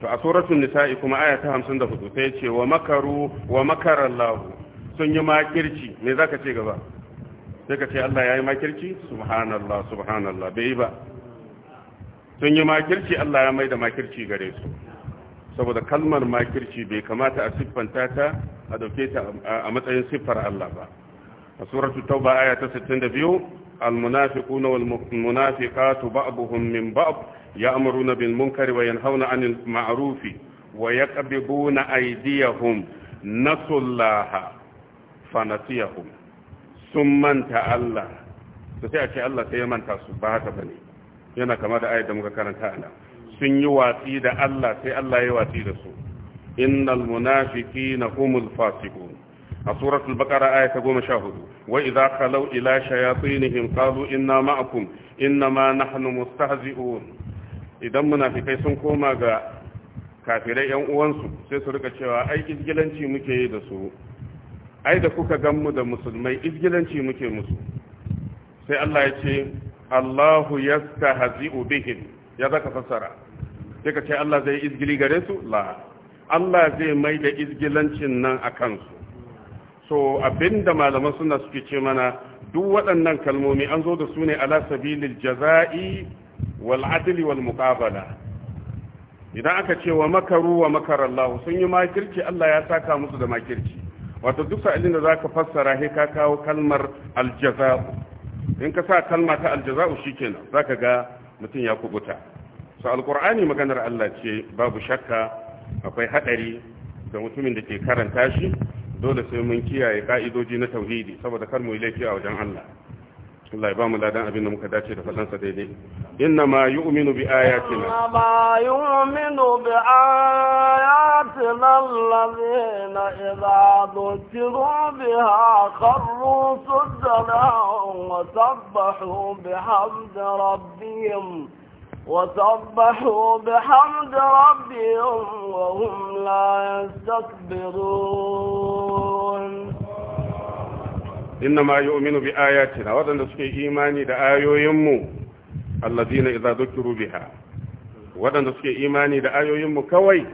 to a suratul nisa'i kuma aya ta 54 sai ce wa makaru wa makara Allah sun yi makirci me zaka ce gaba sai ka ce Allah yayi makirci subhanallah subhanallah bai ba sun yi makirci Allah ya mai da makirci gare su saboda kalmar makirci bai kamata a siffanta ta a dauke ta a matsayin siffar Allah ba a suratu tauba aya ta 62 almunafiquna wal munafiqatu ba'dhum min ba'd ya'muruna bil munkari wa yanhauna 'anil ma'rufi wa yaqbiduna aydiyahum nasullaha fanasiyahum sun manta Allah sai a ce Allah sai ya manta su ba haka bane yana kama da ayat da muka karanta a nan sun yi watsi da Allah sai Allah ya watsi da su innal na humul fasiqun a suratul baqara aya ta 14 wa idza khalu ila shayatinihim qalu inna ma'akum innama nahnu mustahzi'un idan munafikai sun koma ga kafirai yan uwansu sai su rika cewa ai izgilanci muke yi da su ai da kuka mu da musulmai izgilanci muke musu sai Allah ya ce Allahu yastahzi'u bihim ya zaka fassara sai ka ce Allah zai izgili gare su la Allah zai mai da izgilancin nan a kansu so abinda malaman suna suke ce mana duk waɗannan kalmomi an zo da su ne ala sabilil jaza'i wal adli wal idan aka ce wa makaru wa makarar Allah sun yi makirci Allah ya saka musu da makirci wato duk sa'ilin da zaka fassara he ka kawo kalmar aljaza'u in ka sa kalma ta aljaza'u shikenan zaka ga mutum ya kubuta القرآن مكان الله شيء باب شكا أقوي حتري دوم تمين كارن تاشي دولة سومن كيا يكا إدو توهيدي سبب ذكر مويلة كيا وجمع الله الله يبام الله دان أبينا مكداشي رفضان سديدي إنما يؤمن بآياتنا إنما يؤمن بآياتنا الذين إذا ذكروا بها خروا سجدا وسبحوا بحمد ربهم وسبحوا بحمد ربهم وهم لا يستكبرون إنما يؤمن بآياتنا وذن سكي إيماني دا آيو يمو الذين إذا ذكروا بها وذن سكي إيماني دا آيو يمو كوي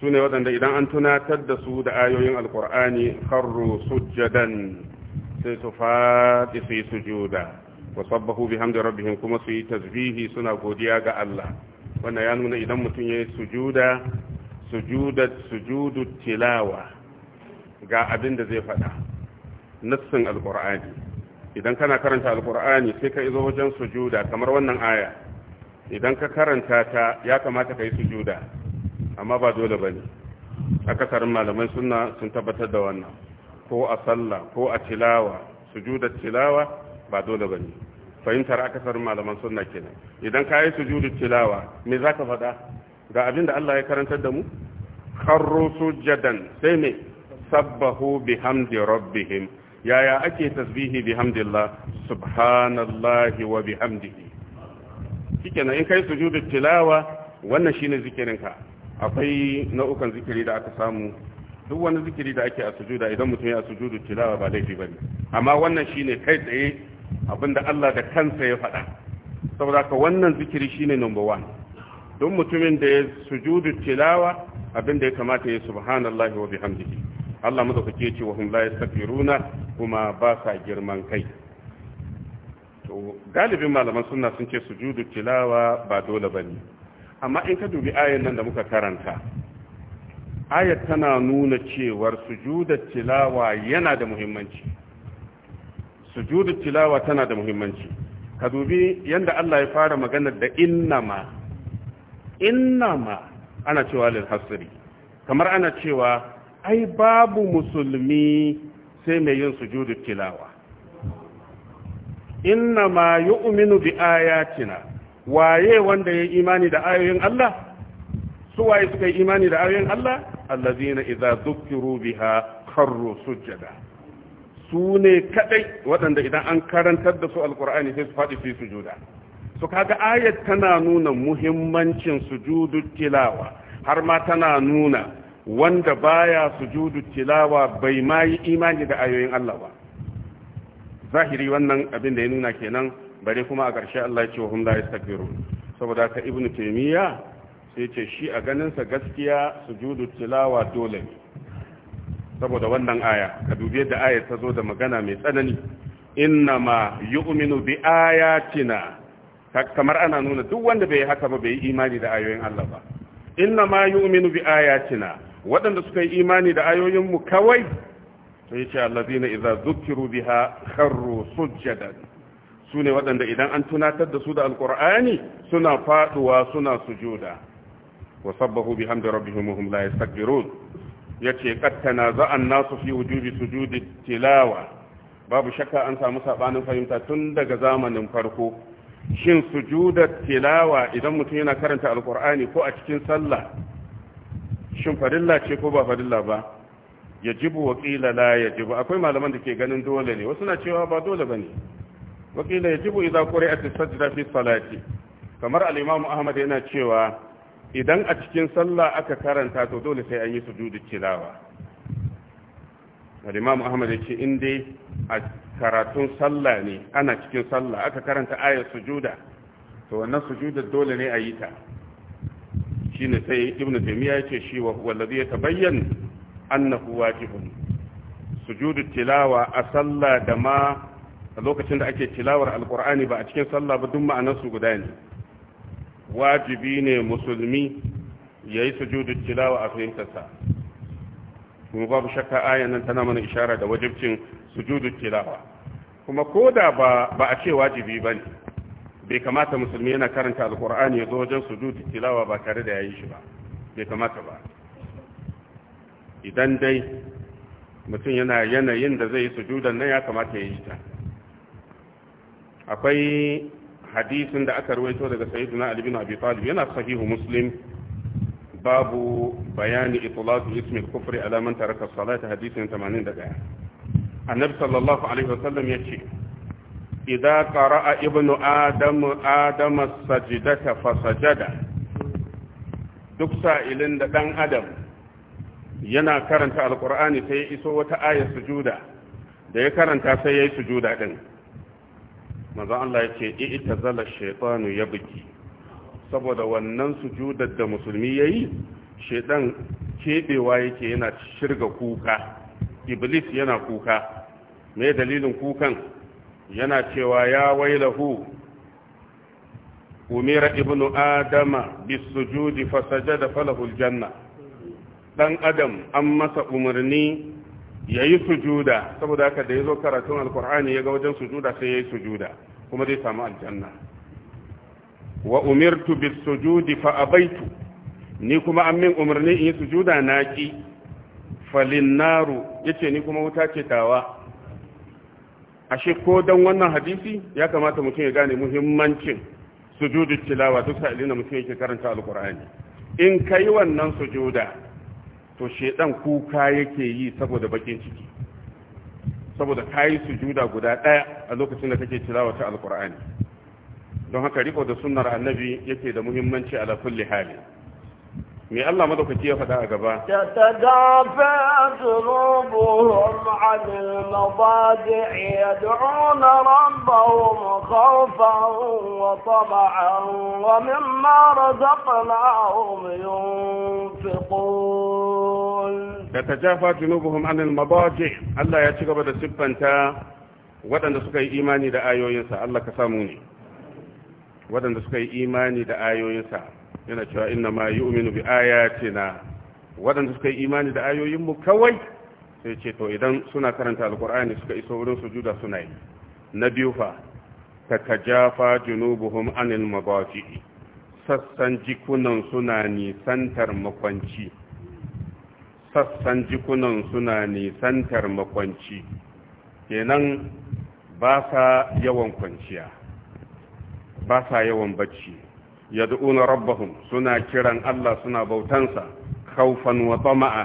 سنة وذن إذا أنتنا تدسوا دا آيو يم القرآن خروا سجدا سيسفات في سجودا wa sabbahu bihamdi rabbihim kuma su yi tasbihi suna godiya ga Allah wannan ya nuna idan mutum yayi sujuda sujudat sujudu tilawa ga abin da zai faɗa nassin alqur'ani idan kana karanta alqur'ani sai ka izo wajen sujuda kamar wannan aya idan ka karanta ta ya kamata ka yi sujuda amma ba dole bane akasarin malaman sunna sun tabbatar da wannan ko a sallah ko a tilawa sujudat tilawa ba dole ba ne fahimtar akasar malaman sunna kenan idan ka yi sujudu tilawa me za ka faɗa ga abin da Allah ya karantar da mu kharru sujadan sai ne sabbahu bihamdi rabbihim yaya ake tasbihi bihamdillah subhanallahi wa bihamdihi shikenan in kai sujudu tilawa wannan shine zikirin ka akwai nau'ukan zikiri da aka samu duk wani zikiri da ake a sujuda idan mutum ya sujudu tilawa ba laifi bane amma wannan shine kai tsaye abinda Allah da kansa ya faɗa saboda ka wannan zikiri shine number one don mutumin da ya sujudu tilawa abinda ya kamata ya subhanallahi wa bihamdihi Allah madaukake ya ce wa hum la yastakbiruna kuma ba sa girman kai to galibin malaman sunna sun ce sujudu tilawa ba dole bane amma in ka dubi ayan nan da muka karanta ayat tana nuna cewar sujudar tilawa yana da muhimmanci sujudu tilawa tana da muhimmanci ka dubi yanda Allah ya fara magana da innama innama ana cewa lil hasri kamar ana cewa ai babu musulmi sai mai yin sujudu tilawa innama yu'minu bi ayatina waye wanda ya imani da ayoyin Allah su waye suka yi imani da ayoyin Allah allazina idza dhukiru biha kharru sujada su ne kadai waɗanda idan an karantar da su alkur'ani sai su faɗi su sujuda su kaga ayat tana nuna muhimmancin sujudu tilawa har ma tana nuna wanda baya sujudu tilawa bai ma yi imani da ayoyin Allah ba zahiri wannan abin da ya nuna kenan bare kuma a ƙarshe Allah ya ce wa hum la yastakbirun saboda ka ibnu taymiya sai ce shi a ganin sa gaskiya sujudu tilawa dole ne saboda wannan aya ka dubi yadda ayar ta zo da magana mai tsanani innama yu'minu bi ayatina kamar ana nuna duk wanda bai haka ba bai imani da ayoyin Allah ba innama yu'minu bi ayatina waɗanda suka yi imani da ayoyin mu kawai sai yace allazina idza zukiru biha kharru sujadan sune waɗanda idan an tunatar da su da alqur'ani suna faduwa suna sujuda wa sabbahu bihamdi rabbihim hum la yastakbirun ya ce kattana za'an nasu fi wujubi sujudi tilawa babu shakka an samu sabanin fahimta tun daga zamanin farko shin sujuda tilawa idan mutum yana karanta alkur'ani ko a cikin sallah shin farilla ce ko ba farilla ba yajibu wa qila la yajibu akwai malaman da ke ganin dole ne wasu na cewa ba dole bane wa qila yajibu idza qira'at as-sajda fi salati kamar al-imam ahmad yana cewa idan a cikin sallah aka karanta to dole sai an yi sujudu tilawa al-imam ahmad yace in dai a karatun sallah ne ana cikin sallah aka karanta ayar sujuda to wannan sujuda dole ne a yi ta shine sai ibnu taymiya ce shi wa wallazi yatabayyan annahu wajibun sujudu tilawa a sallah da ma a lokacin da ake tilawar alqur'ani ba a cikin sallah ba duk ma'anar su guda ne wajibi ne musulmi ya yi sujudu tilawa a fahimtarsa kuma babu shakka ayan nan tana mana ishara da wajibcin sujudu tilawa kuma ko da ba a ce wajibi ba ne bai kamata musulmi yana karanta alkur'ani ya zo wajen sujudu tilawa ba tare da ya yi shi ba bai kamata ba idan dai mutum yana yanayin da zai yi sujudan nan ya kamata ya yi ta akwai hadisin da aka rawaito daga sayyiduna ali bin abi talib yana sahihu muslim babu bayani itlaq ismi al-kufr ala man taraka salata hadisin 81 annabi sallallahu alaihi wasallam yace idza qara'a ibnu adam adam as-sajdata fasajada duk sa'ilin da dan adam yana karanta alqur'ani sai iso wata ayar sujuda da ya karanta sai yayi sujuda din manzo Allah ya ce ita zala shaitanu ya saboda wannan sujudar da musulmi yayi yi kebewa keɓewa yake yana shirga kuka iblis yana kuka mai dalilin kukan yana cewa ya wailahu umira ibnu adama bis bisujudi fasajada falahu aljanna dan adam an masa umarni Yayi yi sujuda saboda haka da ya zo karatun alkur'ani ya ga wajen sujuda sai ya yi sujuda kuma zai samu aljanna wa umirtu bisujudi sujudi fa abaitu ni kuma an min umarni in yi sujuda naki falin naru yace ni kuma wuta ce tawa ashe ko dan wannan hadisi ya kamata mutum ya gane muhimmancin sujudu tilawa duk sa'ilin da mutum yake karanta alkur'ani in kai wannan sujuda to shedan kuka yake yi saboda bakin ciki saboda kayi sujuda guda daya a lokacin da kake tilawa ta alqur'ani don haka riko da sunnar annabi yake da muhimmanci ala kulli hali من الله ما دوك فدا غبا تتدافع قلوبهم عن المضاجع يدعون ربهم خوفا وطمعا ومما رزقناهم ينفقون تتجافى جنوبهم عن المضاجع ألا يتشغى بدا سبا انت ودن دسكي ايماني دا ايو ينسى الله كساموني ودن دسكي ايماني دا ايو ينسى yana cewa inna ma yu'minu bi ayatina waɗanda suka yi imani da ayoyinmu kawai sai ce to idan suna karanta alkur'ani suka iso wurin sujuda suna yi na biyu fa takajafa junubuhum anil mabati sassan jikunan suna nisantar makwanci sassan jikunan suna nisantar makwanci kenan ba sa yawan kwanciya ba sa yawan bacci yad'una rabbahum suna kiran Allah suna bautansa khawfan wa tama'a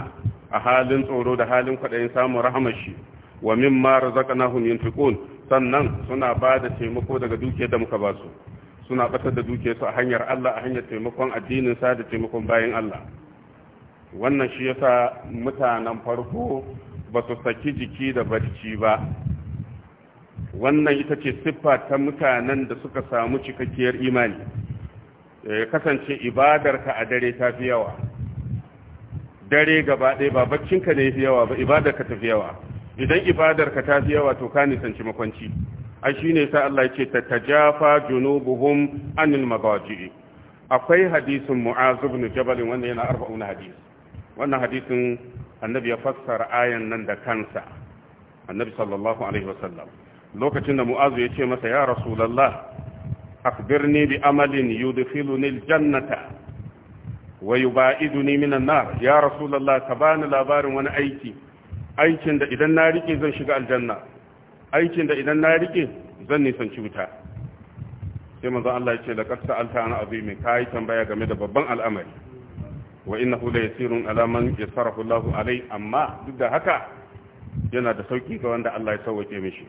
a halin tsoro da halin kwaɗayin samun rahamar shi wa mimma razaqnahum yunfiqun sannan suna bada da taimako daga dukiyar da muka ba suna batar da dukiyar su a hanyar Allah a hanyar taimakon addinin sa da taimakon bayan Allah wannan shi yasa mutanen farko ba su saki jiki da barci ba wannan ita ce siffa ta mutanen da suka samu cikakkiyar imani ya eh, kasance ibadarka a dare ta fi yawa dare gaba ɗaya ba baccinka ne fi yawa ba ibadarka ta fi yawa idan ibadarka ta fi yawa to ka nisanci makwanci ai shine sa Allah ce ta tajafa junubuhum anil magaji akwai hadisin mu'az ibn jabal wanda yana arba'una hadis wannan hadisin annabi ya fassara ayan nan da kansa annabi sallallahu alaihi wasallam lokacin da mu'az ya ce masa ya rasulullah أخبرني بأمل يدخلني الجنة ويباعدني من النار يا رسول الله تبان لابار وانا أيتي aikin da idan na rike zan shiga aljanna aikin da idan na rike zan nisanci wuta sai manzon Allah ya ce a sa'alta an azimi kai tambaya game da babban al'amari wa innahu la yasirun ala man yasarahu Allahu alai amma duk da haka yana da sauki ga wanda Allah ya sauke mishi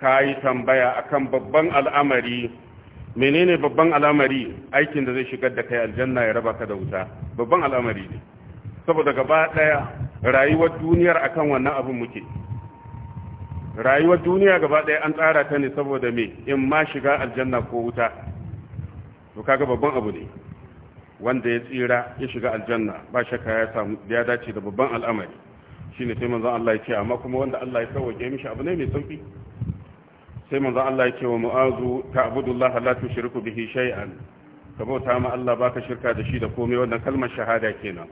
kai tambaya akan babban al'amari menene babban al'amari aikin da zai shigar da kai aljanna ya raba ka da wuta babban al'amari ne saboda gaba daya rayuwar duniyar akan wannan abin muke rayuwar duniya gaba daya an tsara ta ne saboda me in ma shiga aljanna ko wuta to kaga babban abu ne wanda ya tsira ya shiga aljanna ba shakka ya samu ya dace da babban al'amari shine sai manzon Allah ya ce amma kuma wanda Allah ya sauke mishi abu ne mai sauki sai manzon Allah ya ce wa mu'azu ta'budullaha la tushriku bihi shay'an ka bauta ma Allah baka shirka da shi da komai wannan kalmar shahada kenan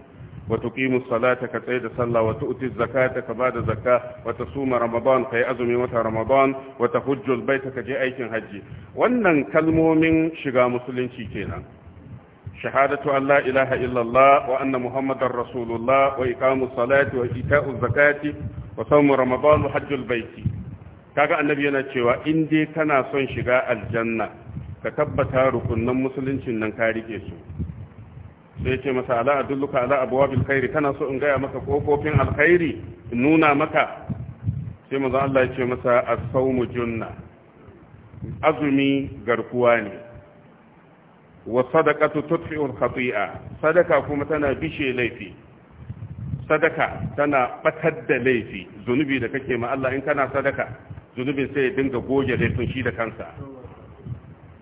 wa tuqimu salata ka tsaya da sallah wa tu'ti zakata ka bada zakka wa tasuma ramadan kai azumi wata ramadan wa tahujju albayta ka je aikin haji wannan kalmomin shiga musulunci kenan shahadatu an la ilaha illallah wa anna muhammadar rasulullah wa iqamu salati wa ita'u zakati wa sawmu ramadan wa hajjul bayti kaga annabi yana cewa in dai kana son shiga aljanna ka tabbata rukunnan musuluncin nan ka rike su sai ce masa ala adulluka ala abwabil khairi kana so in gaya maka kofofin alkhairi in nuna maka sai manzo Allah ya ce masa as-sawmu junna azumi garkuwa ne wa sadaqatu tudfi'u al-khati'a sadaka kuma tana bishe laifi sadaka tana batar da laifi zunubi da kake ma Allah in kana sadaka zunubin sai ya dinga goge laifin shi da kansa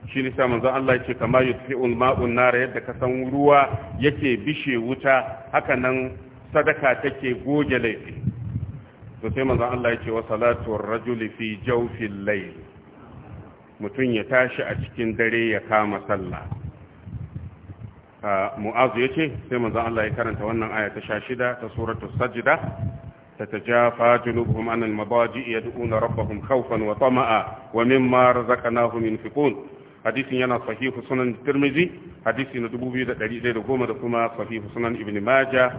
shi samun zan Allah ya ce kama fi ulma'un nara yadda ka san ruwa yake bishe wuta haka nan sadaka take goge laifi to sai manzon Allah ya ce wa salatu rajuli fi jawfil layl mutun ya tashi a cikin dare ya kama sallah mu'azu ya ce sai manzon Allah ya karanta wannan aya ta shida ta suratul sajda تتجافى جنوبهم عن المضاجع يدعون ربهم خوفا وطمعا ومما رزقناهم ينفقون حديث ينا صحيح سنن الترمذي حديث ندبوبي دا دليل دا غوما دا كما صحيح سنن ابن ماجه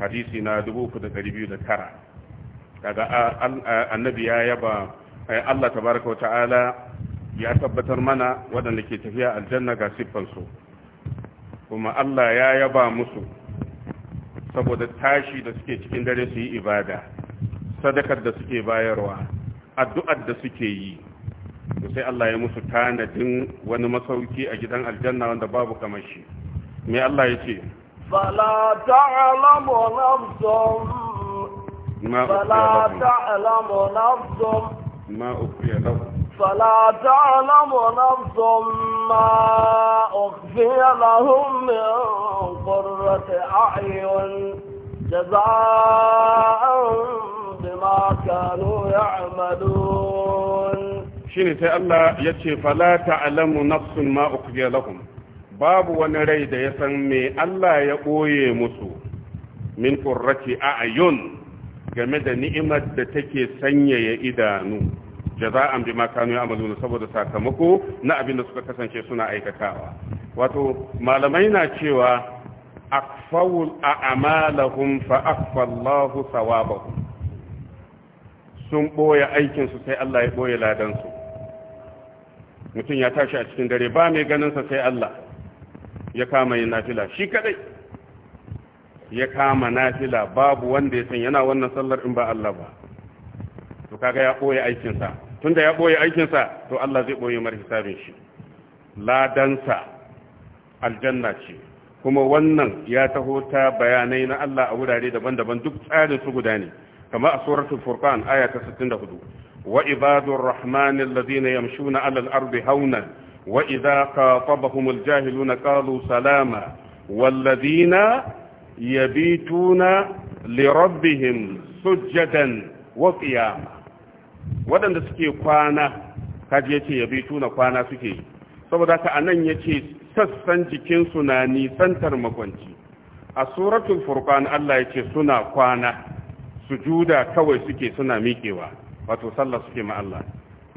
حديث ندبوك دا دليل دا ترى kaga annabi ya yaba Allah tabaraka wa ta'ala ya tabbatar mana waɗanda ke tafiya aljanna ga siffansu kuma Allah ya yaba musu saboda tashi da suke cikin dare su yi ibada sadakar da suke bayarwa addu'ar da suke yi sai Allah ya musu tanadin wani masauki a gidan aljanna wanda babu kamar shi me Allah ya ce fala ta'lamu nafsum ma ta'lamu nafsum ma ukhfiya lahum فلا تعلم نفس ما أخفي لهم من قرة أعين جزاء بما كانوا يعملون شيني تي الله يتي فلا تعلم نفس ما أخفي لهم باب ونريد يسمي الله يقوي مسو من قرة أعين game da ni'imar da take sanyaya jaza'an bima kanu ya'maluna saboda sakamako na abin da suka kasance suna aikatawa wato malamai na cewa akfawul a'malahum fa akfa Allahu sawabahum sun boye aikin su sai Allah ya boye ladan su mutum ya tashi a cikin dare ba mai ganin sa sai Allah ya kama yin nafila shi kadai ya kama nafila babu wanda ya san yana wannan sallar in ba Allah ba to kaga ya ɓoye aikinsa tunda ya ɓoye aikinsa to Allah zai ɓoye mar hisabin shi ladansa aljanna ce kuma wannan ya taho ta bayanai na Allah a wurare daban-daban duk tsarin su guda ne kama a suratul furqan aya ta 64 wa ibadur rahmanil ladina yamshuna alal ardi hauna wa idza qatabahumul jahiluna qalu salama walladina yabituna lirabbihim sujjadan wa qiyama waɗanda suke kwana kaji yace ya bi tuna kwana suke yi saboda haka anan yace sassan jikinsu na nisantar makwanci a suratul furqan Allah yace suna kwana sujuda kawai suke suna miƙewa wato sallah suke ma Allah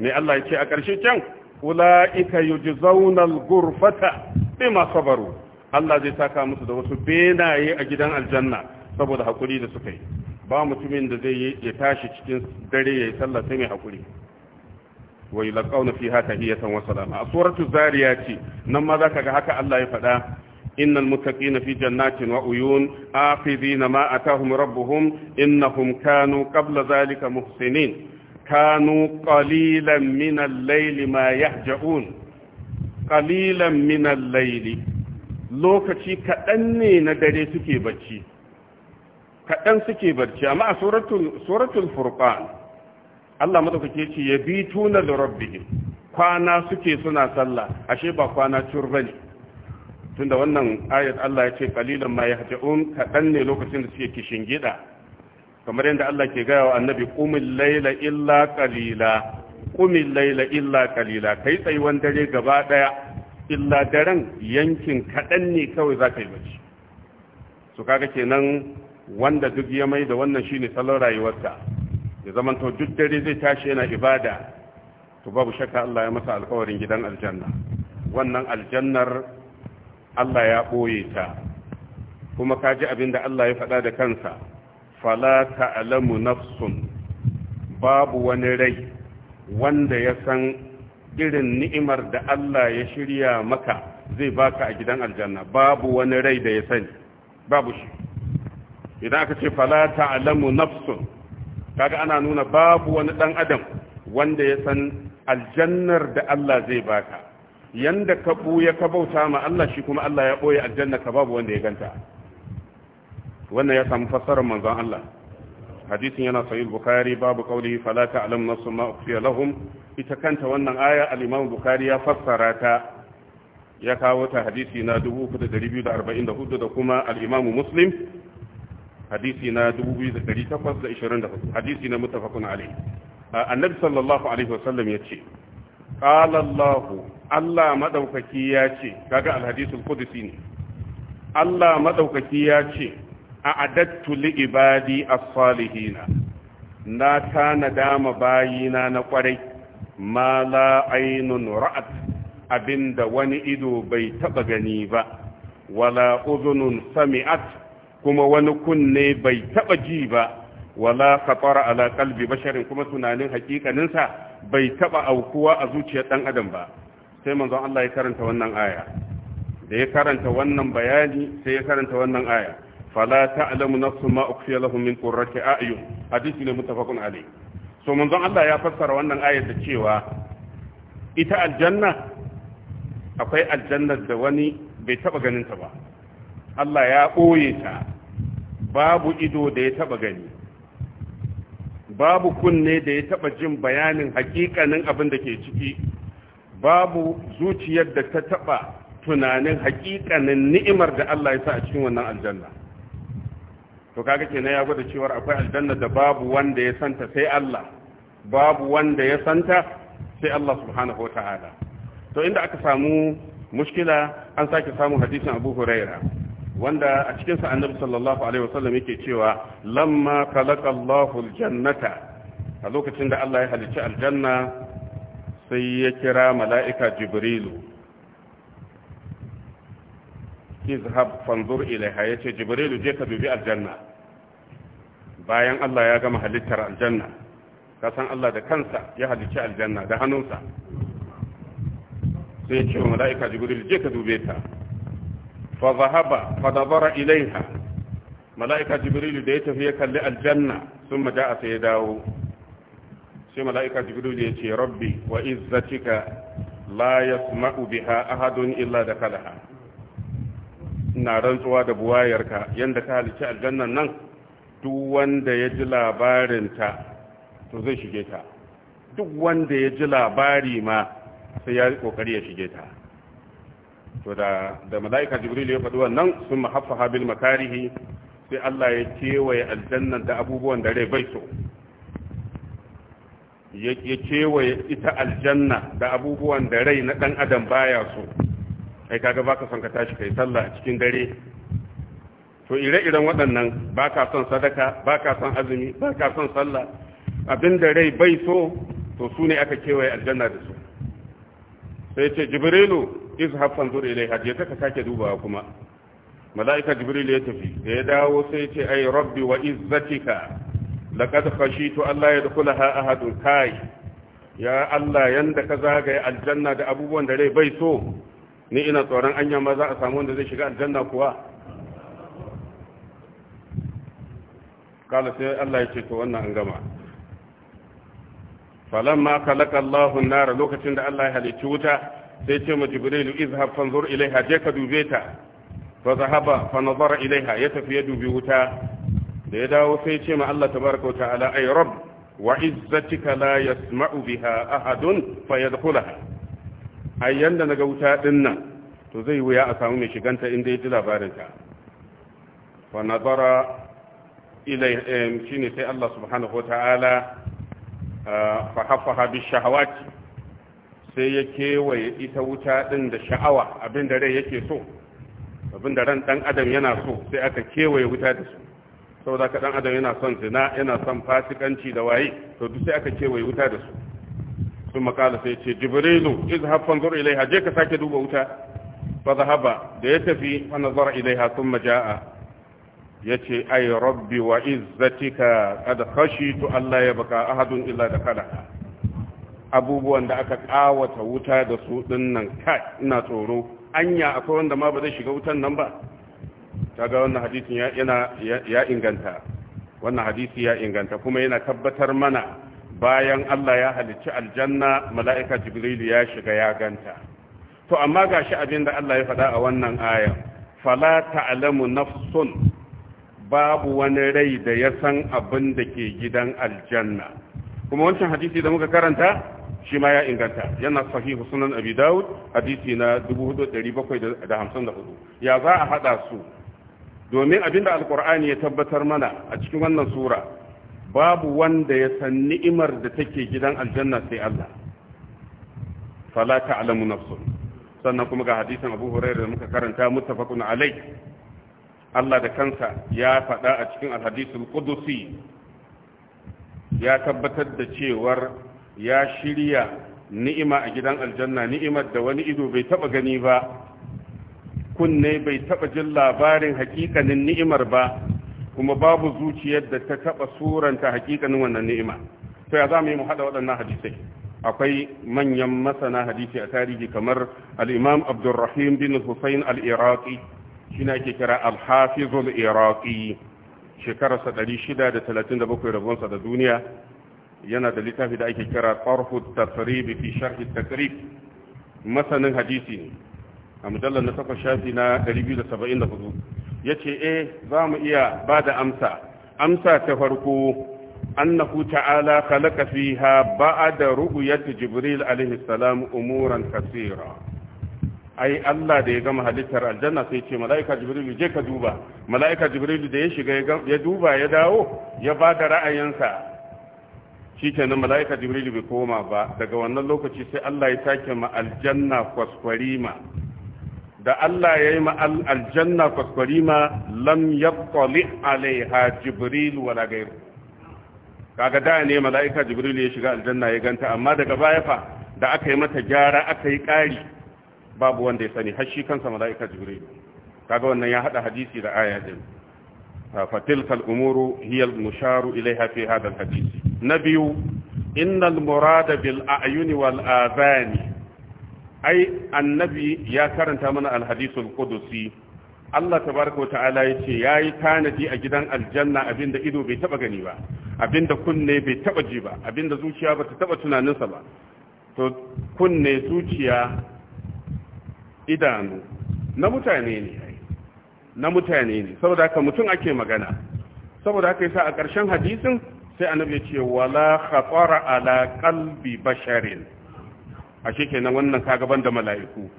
ne Allah yace a ƙarshe can ula'ika yujzauna al-ghurfata bima sabaru Allah zai saka musu da wasu benaye a gidan aljanna saboda hakuri da suka yi ba mutumin da zai ya tashi cikin dare ya yi sallah mai hakuri wai laqawna fiha tahiyatan wasu salama a suratul ce. nan ma ka ga haka Allah ya faɗa innal na fi jannatin wa uyun na ma atahum rabbuhum innahum kanu qabla zalika muhsinin kanu qalilan min al-layli ma yahja'un qalilan min al-layli lokaci kaɗan ne na dare suke bacci kaɗan suke barci amma a suratul furqan Allah madaukake ce ya bi tuna da rabbi kwana suke suna sallah ashe ba kwana cur bane tunda wannan ayat Allah ya ce qalilan ma yahtaun kaɗan ne lokacin da suke kishin gida kamar yadda Allah ke gaya wa annabi qumil layla illa qalila qumil layla illa qalila kai tsayuwan dare gaba daya illa daren yankin kaɗan ne kawai zaka yi bacci su kaga kenan wanda duk ya mai da wannan shine salon rayuwarsa ya zamanto duk dare zai tashi yana ibada to babu shakka Allah ya masa alƙawarin gidan aljanna wannan aljannar Allah ya ɓoye ta kuma ka ji abin da Allah ya faɗa da kansa fala ta'lamu nafsun babu wani rai wanda ya san irin ni'imar da Allah ya shirya maka zai baka a gidan aljanna babu wani rai da ya sani babu shi idan aka ce Falata alamu nafsun kaga ana nuna babu wani dan adam wanda ya san aljannar da Allah zai baka yanda ka buya ka bauta ma Allah shi kuma Allah ya boye aljanna ka babu wanda ya ganta wannan ya samu fassarar manzon Allah hadisin yana sahih bukhari babu qawlihi Falata alamu nafsun ma ukhfiya lahum ita kanta wannan aya al-imam bukhari ya fassara ta ya kawo ta hadisi na 4244 da kuma al-imam muslim hadisi na 2824 hadisi na mutafakun alai annabi sallallahu alaihi wasallam ya ce qala allah allah madaukaki ya ce kaga alhadisul qudsi ne allah madaukaki ya ce a'adattu li ibadi as-salihina na tanada ma bayina na kwarai ma la ainun ra'at abinda wani ido bai taba gani ba wala uzunun sami'at kuma wani kunne bai taba ji ba wala khatara ala qalbi basharin kuma tunanin hakikaninsa bai taba aukuwa a zuciyar dan adam ba sai manzon Allah ya karanta wannan aya da ya karanta wannan bayani sai ya karanta wannan aya fala ta'lamu nafsu ma ukhfiya lahum min qurrati a'yun hadisi ne muttafaqun alayhi so manzon Allah ya fassara wannan aya da cewa ita aljanna akwai aljannar da wani bai taba ganin ta ba Allah ya ɓoye ta babu ido da ya taba gani babu kunne da ya taba jin bayanin hakikanin abin da ke ciki babu zuciyar da ta taba tunanin hakikanin ni'imar da Allah ya sa a cikin wannan aljanna to kaga kenan ya gwada cewa akwai aljanna da babu wanda ya santa sai Allah babu wanda ya santa sai Allah subhanahu wataala to inda aka samu mushkila an sake samun hadisin Abu Hurairah wanda a cikin sa annabi sallallahu alaihi wasallam yake cewa lamma khalaqa Allahu aljannata a lokacin da Allah ya halicci aljanna sai ya kira mala'ika jibrilu izhab fanzur ilaiha yace jibrilu je ka dubi aljanna bayan Allah ya gama halittar aljanna ka san Allah da kansa ya halicci aljanna da hannunsa sai ya ce wa mala'ika jibrilu je ka dube ta fa zahaba fa nazara ilaiha mala'ika jibrilu da ya tafi ya kalli aljanna sun maja sai ya dawo sai mala'ika jibrilu ya ce rabbi wa izzatika la yasma'u biha ahadun illa da kalaha ina rantsuwa da buwayarka yanda ka halarci aljannan nan duk wanda ya ji labarinta to zai shige ta duk wanda ya ji labari ma sai ya kokari ya shige ta to da da malaika jibril ya faɗi wannan sun mahaffaha bil makarihi sai Allah ya kewaye aljannan da abubuwan da rai bai so ya kewaye ita aljanna da abubuwan da rai na dan adam baya so kai kaga baka son ka tashi kai sallah a cikin dare to ire-iren waɗannan baka son sadaka baka son azumi baka son sallah abin da rai bai so to su ne aka kewaye aljanna da su sai ce jibrilu izhab fanzur ilaiha je ka sake dubawa kuma mala'ika jibril ya tafi da ya dawo sai ce ay rabbi wa izzatika laqad khashitu Allah yadkhulaha ahadun kai ya Allah yanda ka zagaye aljanna da abubuwan da rai bai so ni ina tsoron anya ma za a samu wanda zai shiga aljanna kuwa kala sai Allah ya ce to wannan an gama falamma khalaqa Allahu an-nar lokacin da Allah ya halicci wuta sai ce ma jibrilu izhab fanzur ilaiha je ka dube ta fa zahaba fa nazara ilaiha ya tafi ya dubi wuta da ya dawo sai ce ma Allah tabaraka wa ta'ala ay rabb wa izzatika la yasma'u biha ahadun fa yadkhulaha ai yanda naga wuta dinnan to zai wuya a samu mai shiganta inda ya ji labarin ta fa nazara ilai eh, shine sai Allah subhanahu wa ta'ala ah, fa hafaha bi shahawati sai ya kewaye ita wuta ɗin da sha'awa abin da rai yake so abin da ran ɗan adam yana so sai aka kewaye wuta da su saboda ka ɗan adam yana son zina yana son fasikanci da waye to duk sai aka kewaye wuta da su sun makala sai ce jibrilu iz haffan ilaiha je ka sake duba wuta fa zahaba da ya tafi fa nazara ilaiha thumma jaa yace ay rabbi wa izzatika qad khashitu baka yabqa ahadun illa da kada. abubuwan da aka kawata wuta da su dinnan kai ina tsoro anya akwai wanda ma ba zai shiga wutan nan ba kaga wannan hadisin ya yana ya inganta wannan hadisi ya inganta kuma yana tabbatar mana bayan Allah ya halicci aljanna mala'ika jibrilu ya shiga ya ganta to amma ga gashi da Allah ya faɗa a wannan ayan, fala ta'lamu nafsun babu wani rai da ya san abin da ke gidan aljanna kuma wancan hadisi da muka karanta shi ma ya inganta yana sahihu sunan abi daud hadisi na 4754 ya za a hada su domin abinda alkur'ani ya tabbatar mana a cikin wannan sura babu wanda ya san ni'imar da take gidan aljanna sai Allah fala ta'lamu nafsun sannan kuma ga hadisin Abu Hurairah da muka karanta muttafaqun alai Allah da kansa ya faɗa a cikin al ƙudusi qudusi ya tabbatar da cewar ya shirya ni'ima a gidan aljanna ni'imar da wani ido bai taba gani ba kunne bai taba jin labarin hakikanin ni'imar ba kuma babu zuciyar da ta taba suranta hakikanin wannan ni'ima to ya mu yi mu hada waɗannan hadisai akwai manyan masana hadisi a tarihi kamar al-Imam Abdurrahim bin Husayn al-Iraqi shine ake kira al-Hafiz al-Iraqi shekararsa 637 rabonsa da duniya yana da littafi da ake kira tarhu tasrib fi sharhi at-taqrib masanin hadisi ne a mujallar na takwas shafi na 274 ce eh za mu iya ba da amsa amsa ta farko annahu ta'ala khalaqa fiha ba'da ru'yati jibril alaihi salam umuran kaseera ai Allah da ya gama halittar aljanna sai ce mala'ika jibrilu je ka duba mala'ika jibrilu da ya shiga ya duba ya dawo ya ba da ra'ayinsa shikenan mala'ika jibril bai koma ba daga wannan lokaci sai Allah ya sake ma aljanna kwaskwarima da Allah ya yi ma aljanna kwaskwarima lam yaqli alaiha jibril wala gairu kaga da ne mala'ika jibril ya shiga aljanna ya ganta amma daga baya fa da aka yi mata gyara aka yi ƙari babu wanda ya sani har shi kansa mala'ika jibril kaga wannan ya hada hadisi da aya din fatilkal umuru hiya al-musharu ilaiha fi hadha al-hadisi na biyu innal murada bil a'yuni wal azani ai annabi ya karanta mana alhadisul qudusi Allah tabaraka wa ta'ala yace yayi tanadi a gidan aljanna abinda ido bai taba gani ba abinda kunne bai taba ji ba abinda zuciya ba ta taba tunaninsa ba to kunne zuciya idanu na mutane ne na mutane ne saboda haka mutum ake magana saboda haka yasa a ƙarshen hadisin sai annabi ya ce wala khatara ala qalbi basharin a kenan wannan kagaban da mala'iku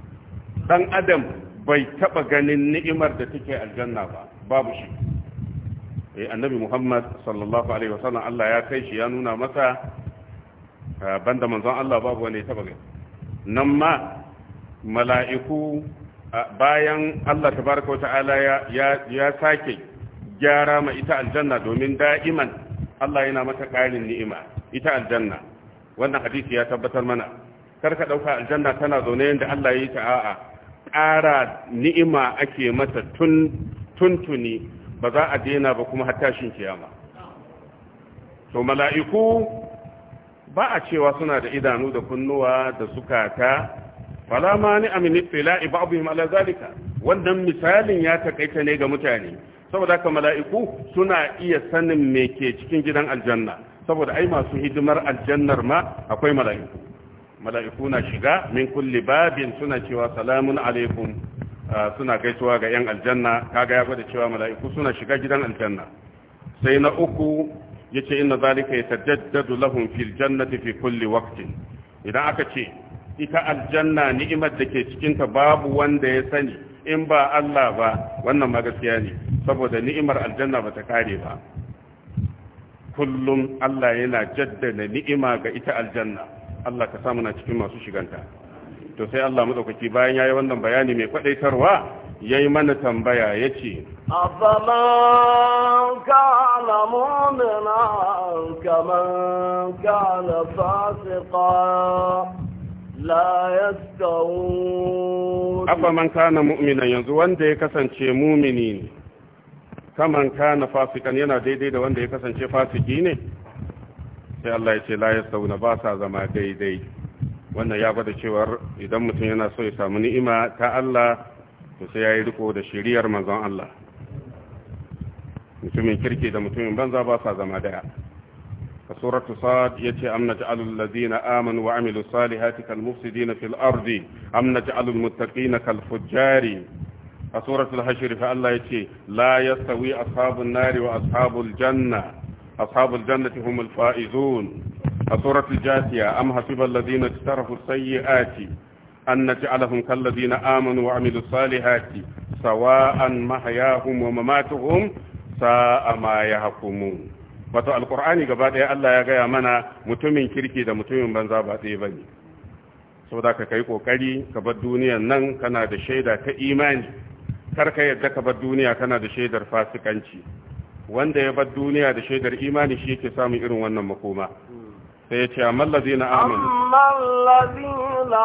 dan adam bai taba ganin ni'imar da take aljanna ba babu shi eh annabi muhammad sallallahu alaihi wasallam Allah ya kai shi ya nuna masa banda manzon Allah babu wanda ya taba gani nan ma mala'iku bayan Allah tabaraka wa ta'ala ya ya sake gyara ma ita aljanna domin da'iman Allah yana mata ƙarin ni'ima ita aljanna wannan hadisi ya tabbatar mana kar ka ɗauka aljanna tana zaune yadda Allah ya yi ta a'a ƙara ni'ima ake mata tuntuni ba za a daina ba kuma har tashin kiyama to mala'iku ba a cewa suna da idanu da kunnuwa da sukata fala ma ni amini fila ibabihim ala zalika wannan misalin ya takaita ne ga mutane saboda haka mala'iku suna iya sanin me ke cikin gidan aljanna saboda ai masu hidimar aljannar ma akwai mala'iku mala'iku na shiga min kulli babin suna cewa salamun alaikum ah, suna gaisuwa ga yan aljanna kaga ya gwada cewa mala'iku suna shiga gidan aljanna sai na uku yace inna zalika yatajaddadu lahum fil jannati fi kulli waqtin idan aka ce ita aljanna ni'imar da ke cikinta babu wanda ya sani in ba Allah ba wannan ma gaskiya ne saboda ni'imar aljanna ba ta kare ba kullum Allah yana jaddada ni'ima ga ita aljanna Allah ka samu na cikin masu shiganta to sai Allah madaukaki bayan yayi wannan bayani mai kwadaitarwa yayi mana tambaya yace afaman kana mu'mina kaman kana fasiqan لا kana mu'mina yanzu wanda ya kasance mumini ne مؤمنين kana fasikan yana daidai da wanda ya kasance fasiki ne sai Allah ya ce la yastauna ba sa zama daidai wannan ya gwada cewar idan mutum yana so ya samu ni'ima ta Allah to sai yi riko da shiriyar manzon Allah mutumin kirki da mutumin banza ba sa zama daya فسورة صاد يتي أم نجعل الذين آمنوا وعملوا الصالحات كالمفسدين في الأرض أم نجعل المتقين كالفجار فسورة الحشر فالله يتي لا يستوي أصحاب النار وأصحاب الجنة أصحاب الجنة هم الفائزون فسورة الجاثية أم حسب الذين اجترفوا السيئات أن نجعلهم كالذين آمنوا وعملوا الصالحات سواء محياهم ومماتهم ساء ما يحكمون wato alkur'ani gaba ɗaya Allah ya gaya mana mutumin kirki da mutumin banza ba ɗaya bane saboda ka kai kokari ka bar duniyan nan kana da shaida ta imani kar ka yadda ka bar duniya kana da shaidar fasikanci wanda ya bar duniya da shaidar imani shi yake samun irin wannan makoma sai ya ce amman lazina amin amman lazina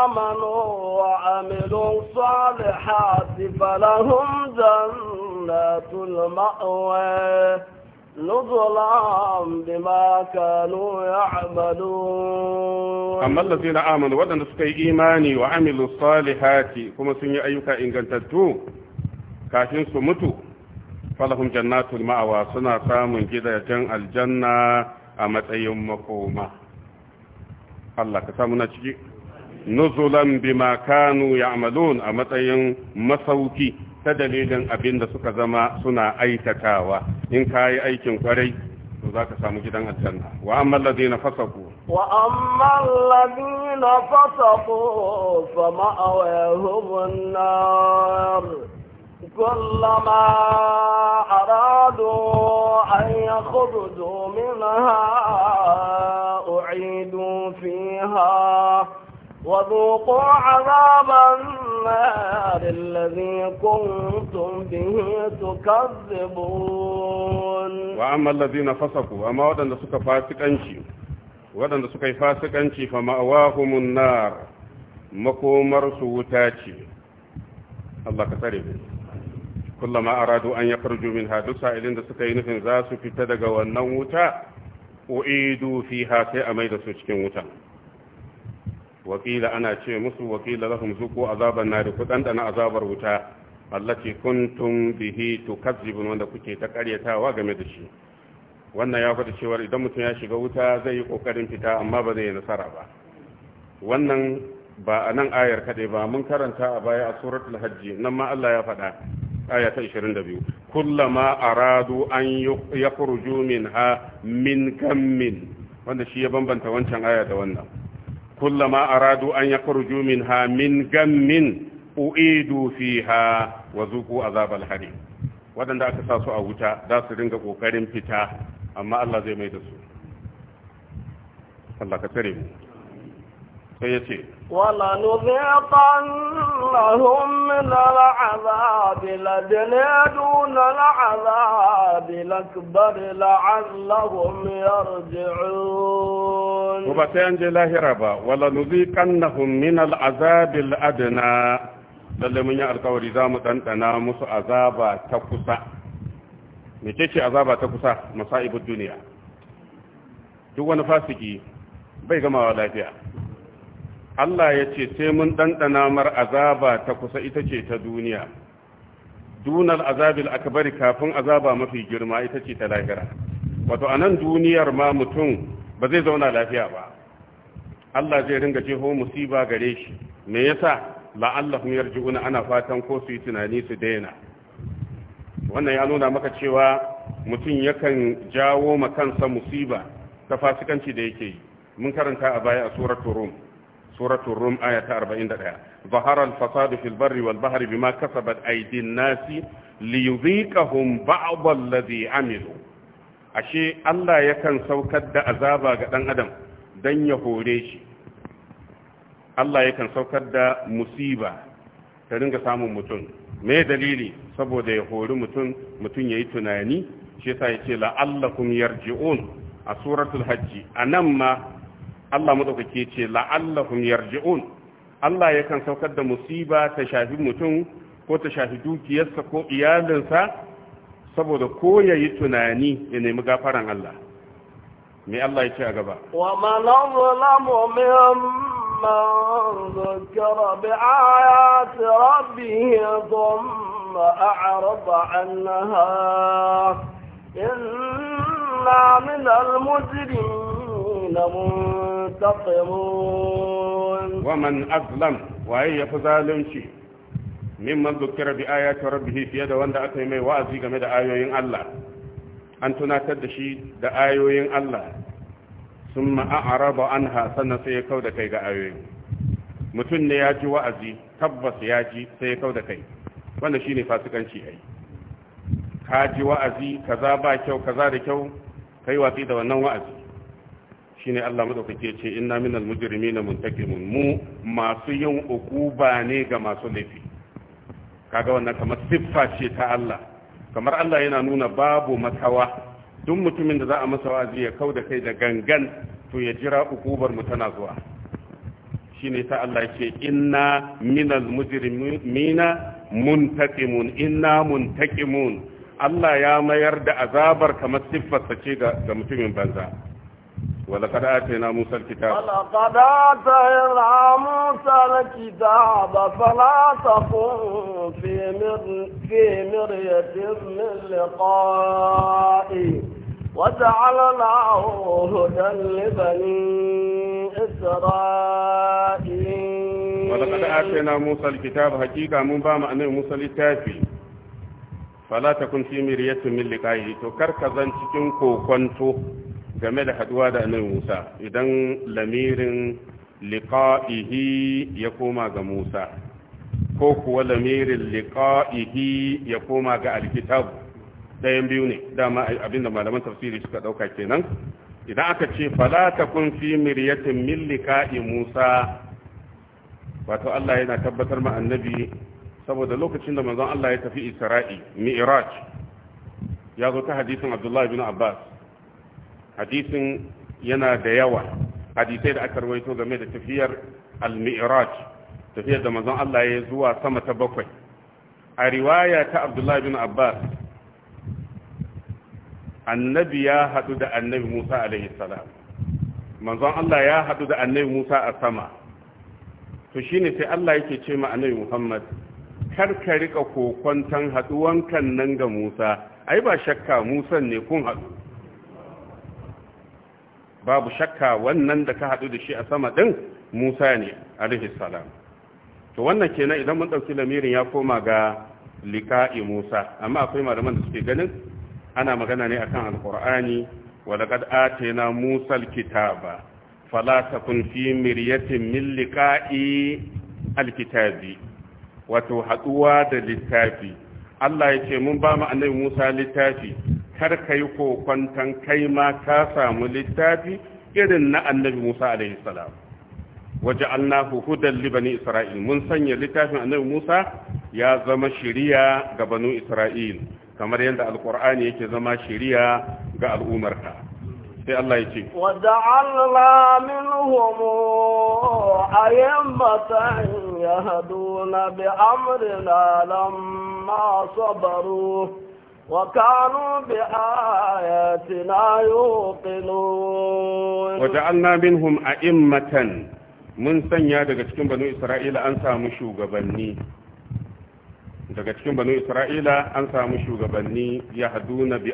amanu wa amilu salihati falahum jannatul ma'wa نزلا بما كانوا يعملون أما الذين آمنوا ودن سكي إيماني وعملوا الصالحات كما سنية أيوكا إن كانت تدو كاشن سمتو فلهم جنات المأوى سنة سامن جدا جن الجنة أمت أيوم مقومة الله كسامنا نزلا بما كانوا يعملون أمت أيوم مسوكي ta dalilin abin da suka zama suna aikatawa in ka yi aikin kwarai to za ka samu gidan aljanna wa amma alladhina fasaku wa amma alladhina fasaku fa ma'awahum an-nar an yi kudu domin ha أعيدوا fiha. وذوقوا عذاب النار الذي كنتم به تكذبون وأما الذين فسقوا أما ودن سكا فاسق أنشي ودن سكا فاسق أنشي فمأواهم النار مكومر سوتاتي الله كتريب كلما أرادوا أن يخرجوا منها دسا إلين دسكا ينفن ذاسو في تدقى والنوتا أعيدوا فيها سيأميد سوشكين وتا wakila ana ce musu wakila lahum ko azaban nari da ɗanɗana azabar wuta kun tun bihi tukazzibun wanda kuke ta karyatawa game da shi wannan ya faɗi cewa idan mutum ya shiga wuta zai yi ƙoƙarin fita amma ba zai yi nasara ba wannan ba a nan ayar kaɗai ba mun karanta a baya a surat hajji nan ma Allah ya faɗa aya ta ma kullama aradu an min ha min kammin wanda shi ya bambanta wancan aya da wannan kullama aradu an yakhruju minha min gammin u'idu fiha wa zuqu azabal harim wadanda aka sa su a wuta za su dinga ƙoƙarin fita amma Allah zai mai da su Allah ka tsare mu sai ya ce wala nuziqannahum min al'azabi ladina duna al'azabi lakbar la'allahum yarji'un ko ba sai an je lahira ba wala nuzi kan nuziqannahum min al'azabi al'adna lalle mun yi alkawari za mu dandana musu azaba ta kusa mece ce azaba ta kusa masa'ibud duniya duk wani fasiki bai gamawa lafiya Allah ya ce sai mun ɗanɗana mar azaba ta kusa ita ce ta duniya dunar azabil bari kafin azaba mafi girma ita ce ta lahira wato a nan duniyar ma mutum ba zai zauna lafiya ba Allah zai ringa jeho musiba gare shi me yasa la'allahum yarji'una ana fatan ko su yi tunani su daina wannan ya nuna maka cewa mutum yakan jawo ma kansa musiba ta fasikanci da yake yi mun karanta a baya a suratul rum suratul rum aya ta arba'in zahara al-fasadu fil barri wal bahri bima kasabat aydin nasi liyudhiqahum ba'd alladhi amilu ashe Allah yakan saukar da azaba ga ɗan adam dan ya hore shi Allah yakan saukar da musiba ta ringa samun mutum me dalili saboda ya hori mutum mutum yayi tunani shi yasa yace la'allakum yarji'un a suratul hajji a nan ma Allah madaukake ce la'allahum yarji'un Allah yakan saukar da musiba ta shafi mutum ko ta shafi dukiyarsa ko iyalinsa saboda ko yayi tunani ya nemi gafaran Allah me Allah ya ce a gaba wa man zalamu mimman dhukira bi ayati rabbih thumma a'rada anha إنا من المجرمين منكرون تستقرون ومن أظلم وأي فظالم شيء ممن ذكر بآيات ربه في يد وند أتمي وأزيق مدى آيوين الله أن تناتد شيء دا آيوين الله ثم أعرض عنها سنة سيكود كي دا آيوين متن ياجي وأزي تبس ياجي سيكود كي وانا شيني فاسقا شيئي kaji wa'azi kaza ba kyau kaza da kyau kai watsi da wannan wa'azi shine Allah madaukake ya ce inna minal mujrimina muntakimun mu masu yin ukuba ne ga masu laifi kaga wannan kamar siffa ce ta Allah kamar Allah yana nuna babu matsawa, duk mutumin da za a masa wa'azi ya kau da kai da gangan to ya jira ukubarmu mu tana zuwa shine ta Allah ce inna minal mujrimina muntakimun inna muntakimun Allah ya mayar da azabar kamar siffarsa ce ga mutumin banza ولقد آتينا موسى الكتاب ولقد آتينا موسى الكتاب فلا تكن في, مر... في مرية من لقائه وجعلناه هدى لبني إسرائيل ولقد آتينا موسى الكتاب حقيقة من بام أن موسى الكتاب فلا تكن في مرية من لقائه تكركزا تكن كوكنتو game da haduwa da annabi Musa idan lamirin liqa'ihi ya koma ga Musa ko kuwa lamirin liqa'ihi ya koma ga alkitab dayan biyu ne dama abinda malaman tafsiri suka dauka kenan idan aka ce fala takun fi miryatin min liqa'i Musa wato Allah yana tabbatar ma annabi saboda lokacin da manzon Allah ya tafi Isra'i Mi'raj ya zo ta hadisin Abdullah ibn Abbas hadisin yana da yawa hadisai da aka rawaito game da tafiyar al-mi'raj tafiyar da manzon Allah ya zuwa sama ta bakwai a riwaya ta Abdullahi bin Abbas annabi ya hadu da annabi Musa alaihi salam manzon Allah ya hadu da annabi Musa a sama to shine sai Allah yake ce ma annabi Muhammad kar ka rika kokon tan haduwan kan nan ga Musa ai ba shakka Musan ne kun hadu babu shakka wannan da ka haɗu da shi a sama ɗin musa ne salam to wannan kenan idan mun ɗauki lamirin ya koma ga lika'i musa amma akwai malaman da suke ganin ana magana ne akan alkur'ani wa laqad atayna musa alkitaba fala takun fi miryatin min liqa'i alkitabi wato haduwa da littafi Allah ya ce mun ba mu annabi Musa littafi kar ka yi kokwantan kai ma ka samu littafi irin na annabi musa alaihi salam waje allahu hudan libani isra'il mun sanya littafin annabi musa ya zama shiriya ga banu isra'il kamar yadda alkur'ani yake zama shiriya ga al'ummarka sai Allah ya ce wada'alla minhum hadu, yahduna bi amrina lamma sabaru وكانوا بآياتنا يوقنون a منهم أئمة mun sanya daga cikin banu isra'ila an samu shugabanni daga cikin banu isra'ila an samu shugabanni ya haduna bi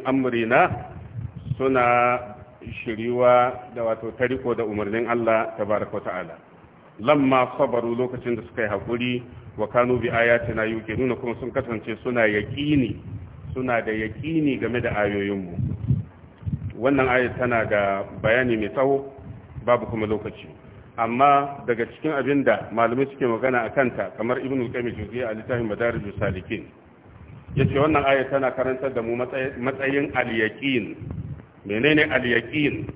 suna shiriwa da wato tariko da umarnin Allah tabaraka ta'ala lamma sabaru lokacin da suka yi hakuri wa kanu bi ayatina yuqinuna kuma sun kasance suna yaƙini. suna da yaƙini game da ayoyinmu wannan ayat tana da bayani mai tsawo babu kuma lokaci amma daga cikin abin da malamai suke magana a kanta kamar ibn al-qayyim a littafin madarijus Ya ce wannan ayat tana karantar da mu matsayin al-yaqin menene al-yaqin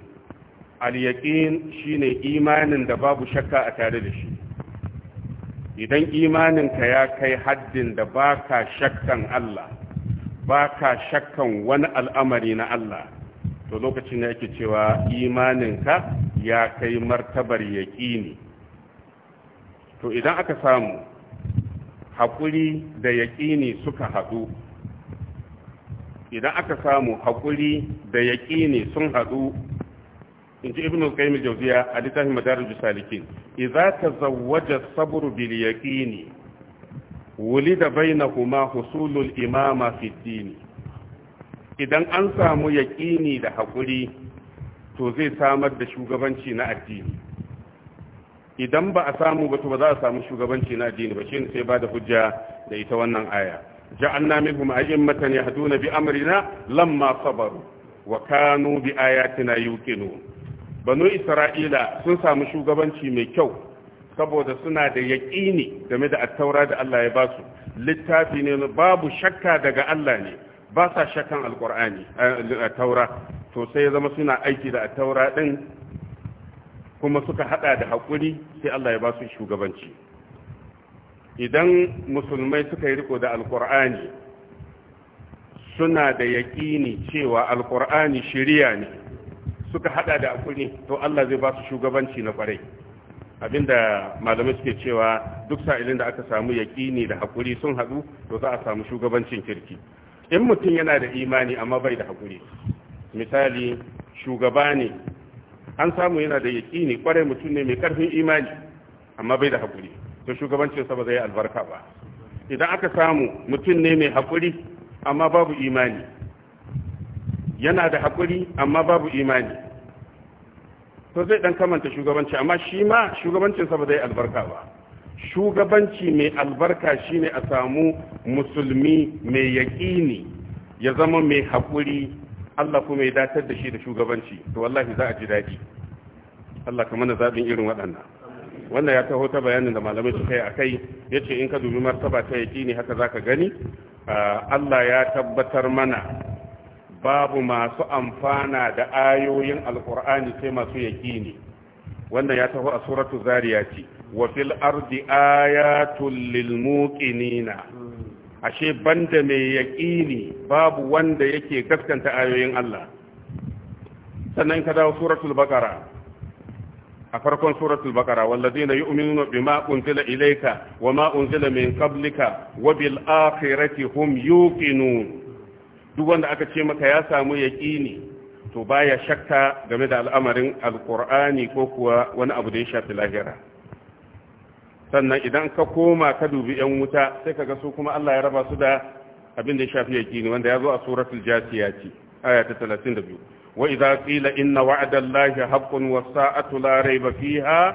al-yaqin shine imanin da babu shakka a tare da shi idan imaninka ya kai haddin da baka shakkan Allah ba ka shakkan wani al'amari na Allah to lokacin da yake cewa imaninka ya kai martabar yaƙini to idan aka samu haƙuri da yaƙini suka haɗu idan aka samu haƙuri da yaƙini sun haɗu in ji ibn al-qayyim jawziya a littafin madarij salikin idza tazawwaja as-sabr bil yaqini wulida bainahuma husulul imama fi dini idan an samu yaƙini da haƙuri to zai samar da shugabanci na addini idan ba a samu ba to ba za a samu shugabanci na addini ba shine sai ba da hujja da ita wannan aya ja'alna minhum a'immatan yahduna bi amrina lamma sabaru wa kanu bi ayatina yuqinun banu isra'ila sun samu shugabanci mai kyau saboda suna da yaƙini game da attaura da Allah ya ba su littafi ne babu shakka daga Allah ne ba sa shakkan alƙur'ani eh, taura to sai ya zama suna aiki da attaura ɗin kuma suka haɗa da haƙuri sai Allah ya ba su shugabanci idan musulmai suka yi riko da alƙur'ani suna da yaƙini cewa alƙur'ani shiriya ne suka haɗa da haƙuri to Allah zai ba su shugabanci na ƙwarai abinda malamai suke cewa duk sa'ilin da aka samu yaƙini da haƙuri sun haɗu to za a samu shugabancin kirki in mutum yana da imani amma bai da haƙuri misali shugaba ne an samu yana da yaƙini ƙwarai mutum ne mai ƙarfin imani amma bai da haƙuri to shugabancinsa ba zai yi albarka ba idan aka samu mutum ne mai haƙuri amma babu imani yana da haƙuri amma babu imani to zai dan kamanta shugabanci amma shi ma shugabancinsa ba zai albarka ba shugabanci mai albarka shine a samu musulmi mai yaƙini ya zama mai haƙuri Allah kuma ya datar da shi da shugabanci to wallahi za a ji daɗi Allah kuma mana zaɓin irin waɗannan wannan ya taho ta bayanin da malamai suka yi a kai ya ce in ka dubi martaba ta yaƙini haka za ka gani Allah ya tabbatar mana babu masu amfana da ayoyin alkur'ani sai masu yaƙini wannan ya taho a suratu zariyati wa fil ardi ayatul lil muqinina ashe banda mai yaƙini babu wanda yake gaskanta ayoyin Allah sannan ka dawo suratul baqara a farkon suratul baqara walladina yu'minuna bima unzila ilayka wama unzila min qablika wa bil akhirati hum yuqinun duk wanda aka ce maka ya samu yaƙini to baya shakka game da al'amarin alƙur'ani ko kuwa wani abu da ya shafi lahira sannan idan ka koma ka dubi yan wuta sai ga su kuma Allah ya raba su da abin da ya shafi yaƙini wanda ya zo a suratul ce aya ta 32 wa idza qila inna wa'da allahi haqqun was sa'atu la rayba fiha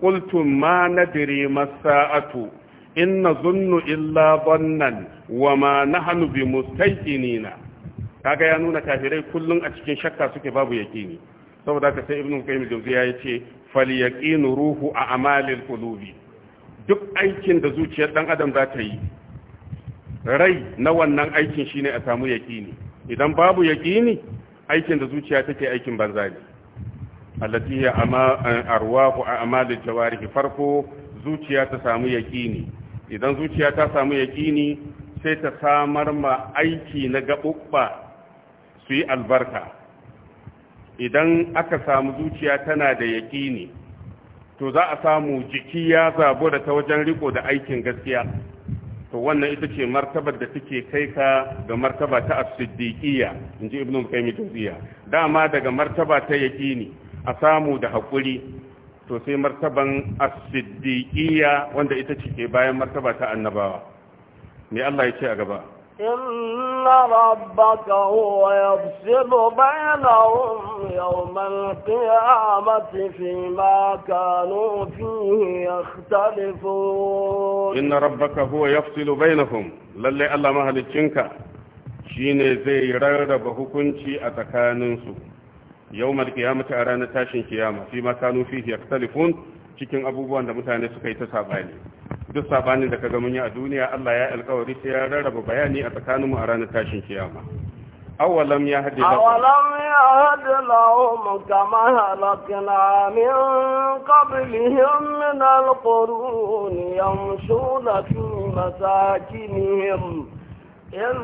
qultum ma nadri mas sa'atu inna zunnu illa bannan wa ma hannu bi mustaqinina kaga ya nuna kafirai kullum a cikin shakka suke babu yaƙini. saboda ka sai ibnu qayyim ya yace fal yaqinu ruhu a amalil qulubi duk aikin da zuciyar dan adam za ta yi rai na wannan aikin shine a samu yaqini idan babu yaqini aikin da zuciya take aikin banza ne allati hiya arwahu a amalil jawarihi farko zuciya ta samu yaqini idan zuciya ta samu yaƙini sai ta samar ma aiki na gaɓuɓɓa su yi albarka idan aka samu zuciya tana da yaƙini to za a samu jiki ya zabo da ta wajen riko da aikin gaskiya to wannan ita ce martabar da take kai ka ga martaba ta as-siddiqiyya inji ibnu qayyim jawziya dama daga martaba ta yaqini a samu da hakuri to sai martaban as-siddiqiyya wanda ita ce ke bayan martaba ta annabawa me Allah ya ce a gaba inna rabbaka huwa yafsilu bainahum yawm al-qiyamati fima kanu fihi yakhtalifun inna rabbaka huwa yafsilu bainahum lalle Allah mahalicinka shine zai rarraba hukunci a tsakaninsu Yau, yawmal qiyamati a ranar tashin kiyama fi ma kanu fihi yaktalifun cikin abubuwan da mutane suka yi ta sabani duk sabanin da kaga mun yi a duniya Allah ya alkawari sai ya rarraba bayani a tsakanin mu a ranar tashin kiyama awalam ya hadi lahum awalam ya hadi lahum kama halakna min qablihim min alqurun yamshuna fi masakinihim إن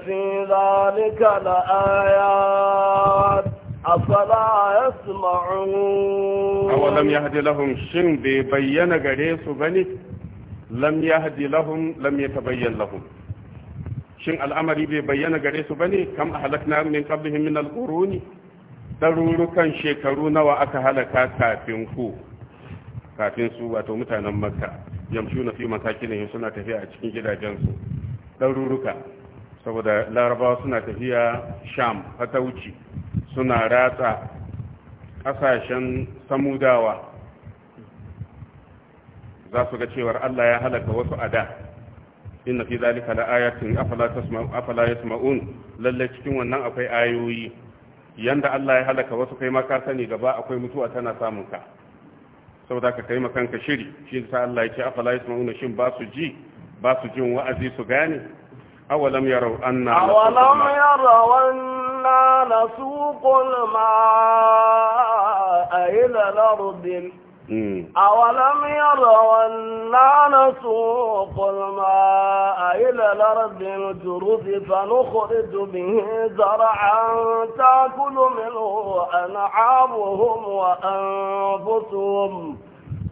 في ذلك لآيات أفلا يسمعون أولم يهد لهم شن بيبين غريس بني لم يهد لهم لم يتبين لهم شن الأمر بيبين غريس بني كم أهلكنا من قبلهم من القرون ɗarurukan shekaru nawa aka halaka kafin ku kafin su wato mutanen makka yamshu na fi matakin suna tafiya a cikin gidajensu ɗaruruka saboda larabawa suna tafiya sham fatauci wuce suna ratsa ƙasashen samudawa za su ga cewar Allah ya halaka wasu a da inna fi zalika la ayatin afala tasma'u afala yasma'un lalle cikin wannan akwai ayoyi yanda Allah ya halaka wasu kai ma ka sani gaba akwai mutuwa tana samun ka saboda ka kai makanka shiri shi sa Allah yake afala yasma'un shin ba su ji ba su jin wa'azi su gane awalam yarau anna awalam yarau كنا نسوق الماء إلى الأرض أولم يروا أنا نسوق الماء إلى الأرض الجرود فنخرج به زرعا تأكل منه أنعامهم وأنفسهم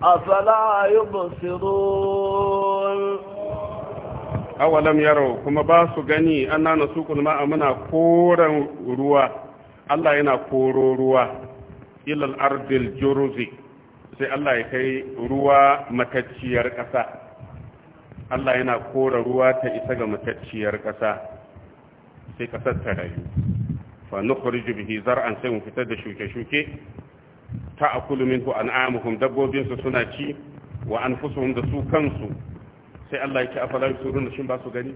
أفلا يبصرون awalam yaro kuma ba su gani anna nasukul a muna koren ruwa Allah yana koro ruwa ilal ardil juruzi sai Allah ya kai ruwa matacciyar ƙasa Allah yana kora ruwa ta isa ga matacciyar ƙasa sai ƙasar ta rayu fa nukhriju bihi zar'an sai mu fitar da shuke-shuke ta'kulu minhu an'amuhum dabbobinsu suna ci wa anfusuhum da su kansu sai Allah yake afala yusurun shin ba su gani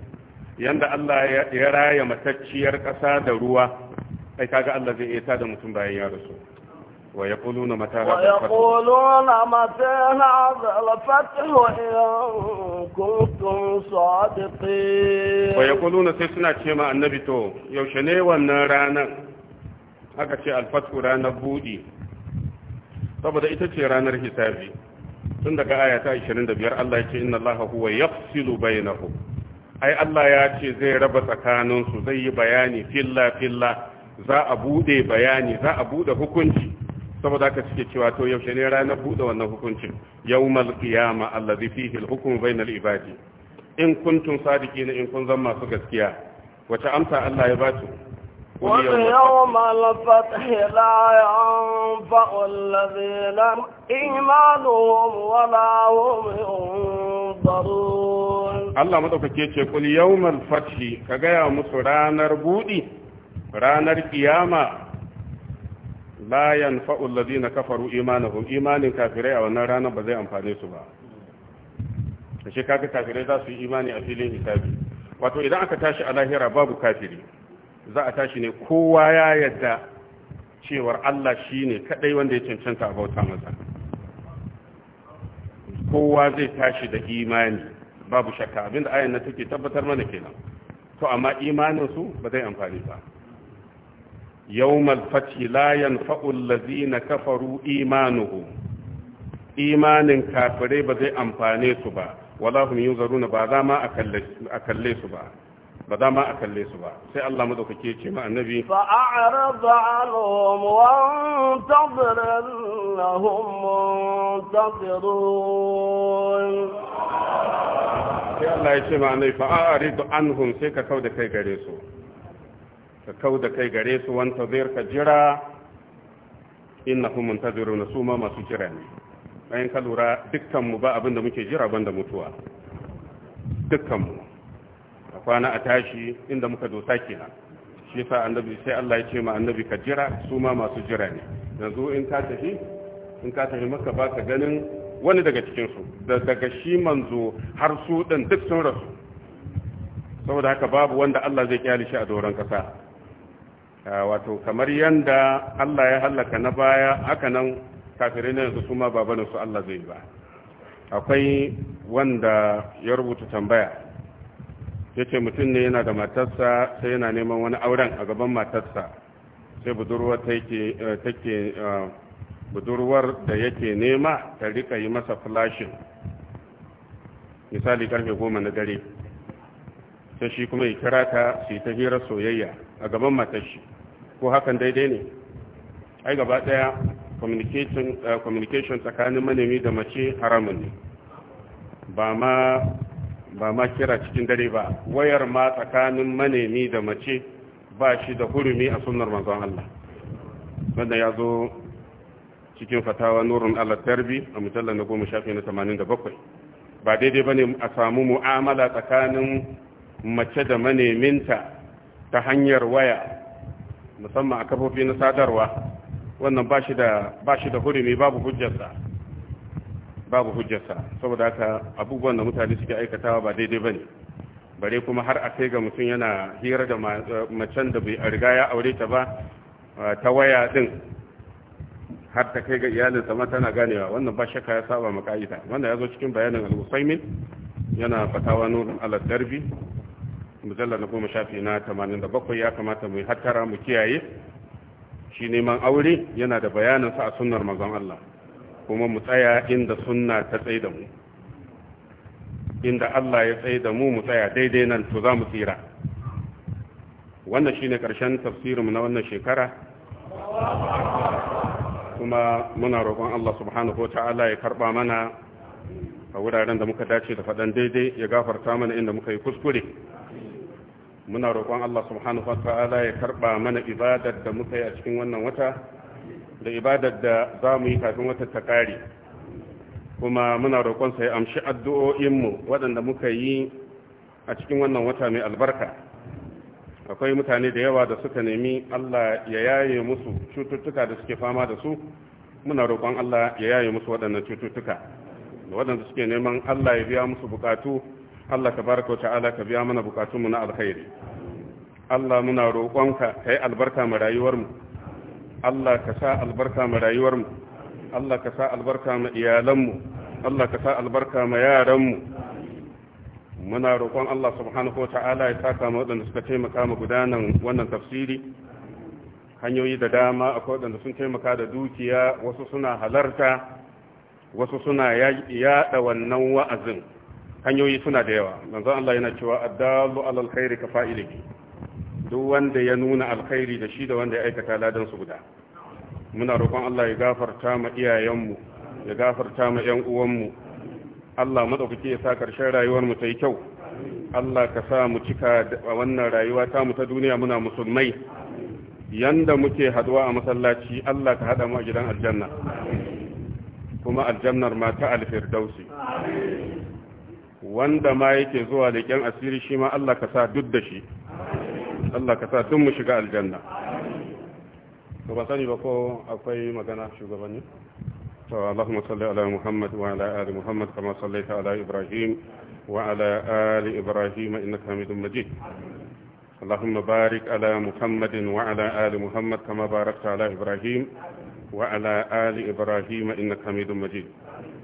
yanda Allah ya raya matacciyar ƙasa da ruwa ai kaga Allah zai iya da mutum bayan ya rasu wa yaquluna mata la yaquluna mata la fathu in kuntum sadiqin wa yaquluna sai suna ce ma annabi to yaushe ne wannan ranar aka ce al-fathu ranar budi saboda ita ce ranar hisabi tun daga ayata 25 Allah ya ce inna Allah huwa yafsilu bainahum ai Allah ya ce zai raba tsakanin su zai yi bayani filla filla za a bude bayani za a bude hukunci saboda haka suke cewa to yaushe ne ranar bude wannan hukuncin yawmal qiyama allazi fihi alhukmu bainal ibadi in kuntum sadiqina in kun zama masu gaskiya wace amsa Allah ya ba وَيَوْمَ الْفَتْحِ لَا يَنْفَعُ الَّذِينَ إِيمَانُهُمْ وَلَا هُمْ يُنْظَرُونَ الله ما دوكا كيتشي قل يوم الفتح كغايا مصران ربودي ران القيامة لا ينفع الذين كفروا إيمانهم إيمان كافرين أو نرانا بذي أنفاني سبا شكاك كافرين ذا في إيمان أفلين كافرين وتو إذا أنك تاشي على هيرا باب كافرين za a tashi ne kowa ya yadda cewar Allah shi ne kaɗai wanda ya cancanta a bauta masa kowa zai tashi da imani babu shakka abinda ayan na take tabbatar mana kenan to amma imaninsu ba zai amfani ba yawmal Fati la yanfa'u allazina kafaru imanuhu imanin kafirai ba zai amfane su ba wala hum yunzaruna ba za ma a kalle su ba ba za ma a kalle su ba sai Allah madaukake ce ma annabi fa a'rada anhum wa antadir lahum muntadirun sai Allah ya ce ma annabi fa a'rida anhum sai ka kauda kai gare su ka kauda kai gare su wanta zai ka jira innahum muntadirun su ma masu jira ne bayan ka lura dukkan mu ba abin da muke jira banda mutuwa dukkan mu kwana a tashi inda muka dosa kenan shi sa annabi sai Allah ya ce ma annabi ka jira su ma masu jira ne yanzu in ka tafi in ka tafi maka ba ganin wani daga cikin su daga shi manzo har su din duk sun rasu saboda haka babu wanda Allah zai kyale shi a doron kasa ah, wato kamar yanda Allah ya halaka na baya haka nan kafirai ne yanzu su ma babanin su Allah zai ba akwai wanda ya rubuta tambaya ya ce mutum ne yana da matarsa sai yana neman wani auren a gaban matarsa sai budurwar eh, take eh, budurwar da yake nema ta rika yi masa flashin misali karfe goma na dare sai shi kuma ya kira ta su ta hira soyayya a gaban matar ko hakan daidai ne ai gaba daya eh, communication tsakanin manemi da mace haramun ne ba ma ba ma kira cikin dare ba wayar ma tsakanin manemi da mace ba shi da hurumi a sunnar manzon Allah wanda ya zo cikin fatawa nurun Allah tarbi a mujallar na goma shafi na 87 ba daidai ba ne a samu mu'amala tsakanin mace da maneminta ta hanyar waya musamman a kafofi na sadarwa wannan ba shi da hurumi babu hujjarsa babu hujjarsa saboda haka abubuwan da mutane suke aikatawa ba daidai ba ne bare kuma har a kai ga mutum yana hira da macen da bai riga ya aure ta ba ta waya din har ta kai ga iyalinsa ma tana ganewa wannan ba shakka ya saba ma ka'ida wannan ya zo cikin bayanin al-usaimin yana fatawa nurun ala darbi mujallar na goma shafi na tamanin da bakwai ya kamata mu hattara mu kiyaye shi neman aure yana da bayaninsa a sunnar manzon Allah kuma mu tsaya inda sunna ta tsaye da mu inda Allah ya tsaye da mu mu tsaya daidai nan to za mu tsira wannan shi ne ƙarshen tafsirinmu na wannan shekara kuma muna roƙon Allah subhanahu ta'ala ya karɓa mana a wuraren da muka dace da faɗan daidai ya gafarta mana inda muka yi kuskure muna roƙon Allah subhanahu ta'ala ya karɓa mana ibadar da muka yi a cikin wannan wata da ibadar da za mu yi kafin wata ta ƙare kuma muna roƙon sai amshi addu'o'inmu waɗanda muka yi a cikin wannan wata mai albarka akwai mutane da yawa da suka nemi Allah ya yaye musu cututtuka da suke fama da su muna roƙon Allah ya yaye musu waɗannan cututtuka da waɗanda suke neman Allah ya biya musu bukatu Allah ka baraka wa ta'ala ka biya mana bukatunmu na alkhairi Allah muna roƙonka ka yi albarka ma rayuwarmu Allah ka sa albarka ma rayuwarmu Allah ka sa albarka ma iyalanmu Allah ka sa albarka ma yaranmu muna roƙon Allah subhanahu wa ta'ala ya saka ma waɗanda suka taimaka ma gudanar wannan tafsiri hanyoyi da dama akwai waɗanda sun taimaka da dukiya wasu suna halarta wasu suna yaɗa wannan wa'azin hanyoyi suna da yawa manzon Allah yana cewa addalu alal khairi ka fa'ilihi duk wanda ya nuna alkhairi da shi da wanda ya aikata ladan su guda muna roƙon Allah ya gafarta ma iyayenmu ya gafarta ma ƴan uwanmu Allah madaukake ya sa ƙarshen rayuwar mu ta yi kyau Allah ka sa mu cika a wannan rayuwa ta mu ta duniya muna musulmai yanda muke haduwa a masallaci Allah ka hada mu a gidan aljanna kuma aljannar ma ta alfirdausi wanda ma yake zuwa leƙen asiri shi ma Allah ka sa duk da shi Allah ka sa tun mu shiga aljanna to ba sani ba ko akwai magana shugabanni to Allahumma salli ala Muhammad wa ala ali Muhammad kama sallaita ala Ibrahim wa ala ali Ibrahim innaka Hamidum Majid وعلى آل إبراهيم إنك حميد مجيد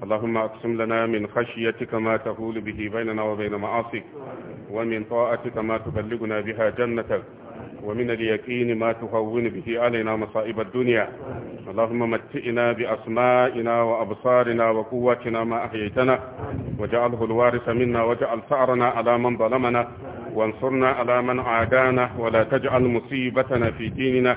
اللهم أقسم لنا من خشيتك ما تهول به بيننا وبين معاصيك ومن طاعتك ما تبلغنا بها جنتك ومن اليقين ما تهون به علينا مصائب الدنيا اللهم متئنا بأسمائنا وأبصارنا وقوتنا ما أحييتنا وجعله الوارث منا وجعل ثأرنا على من ظلمنا وانصرنا على من عادانا ولا تجعل مصيبتنا في ديننا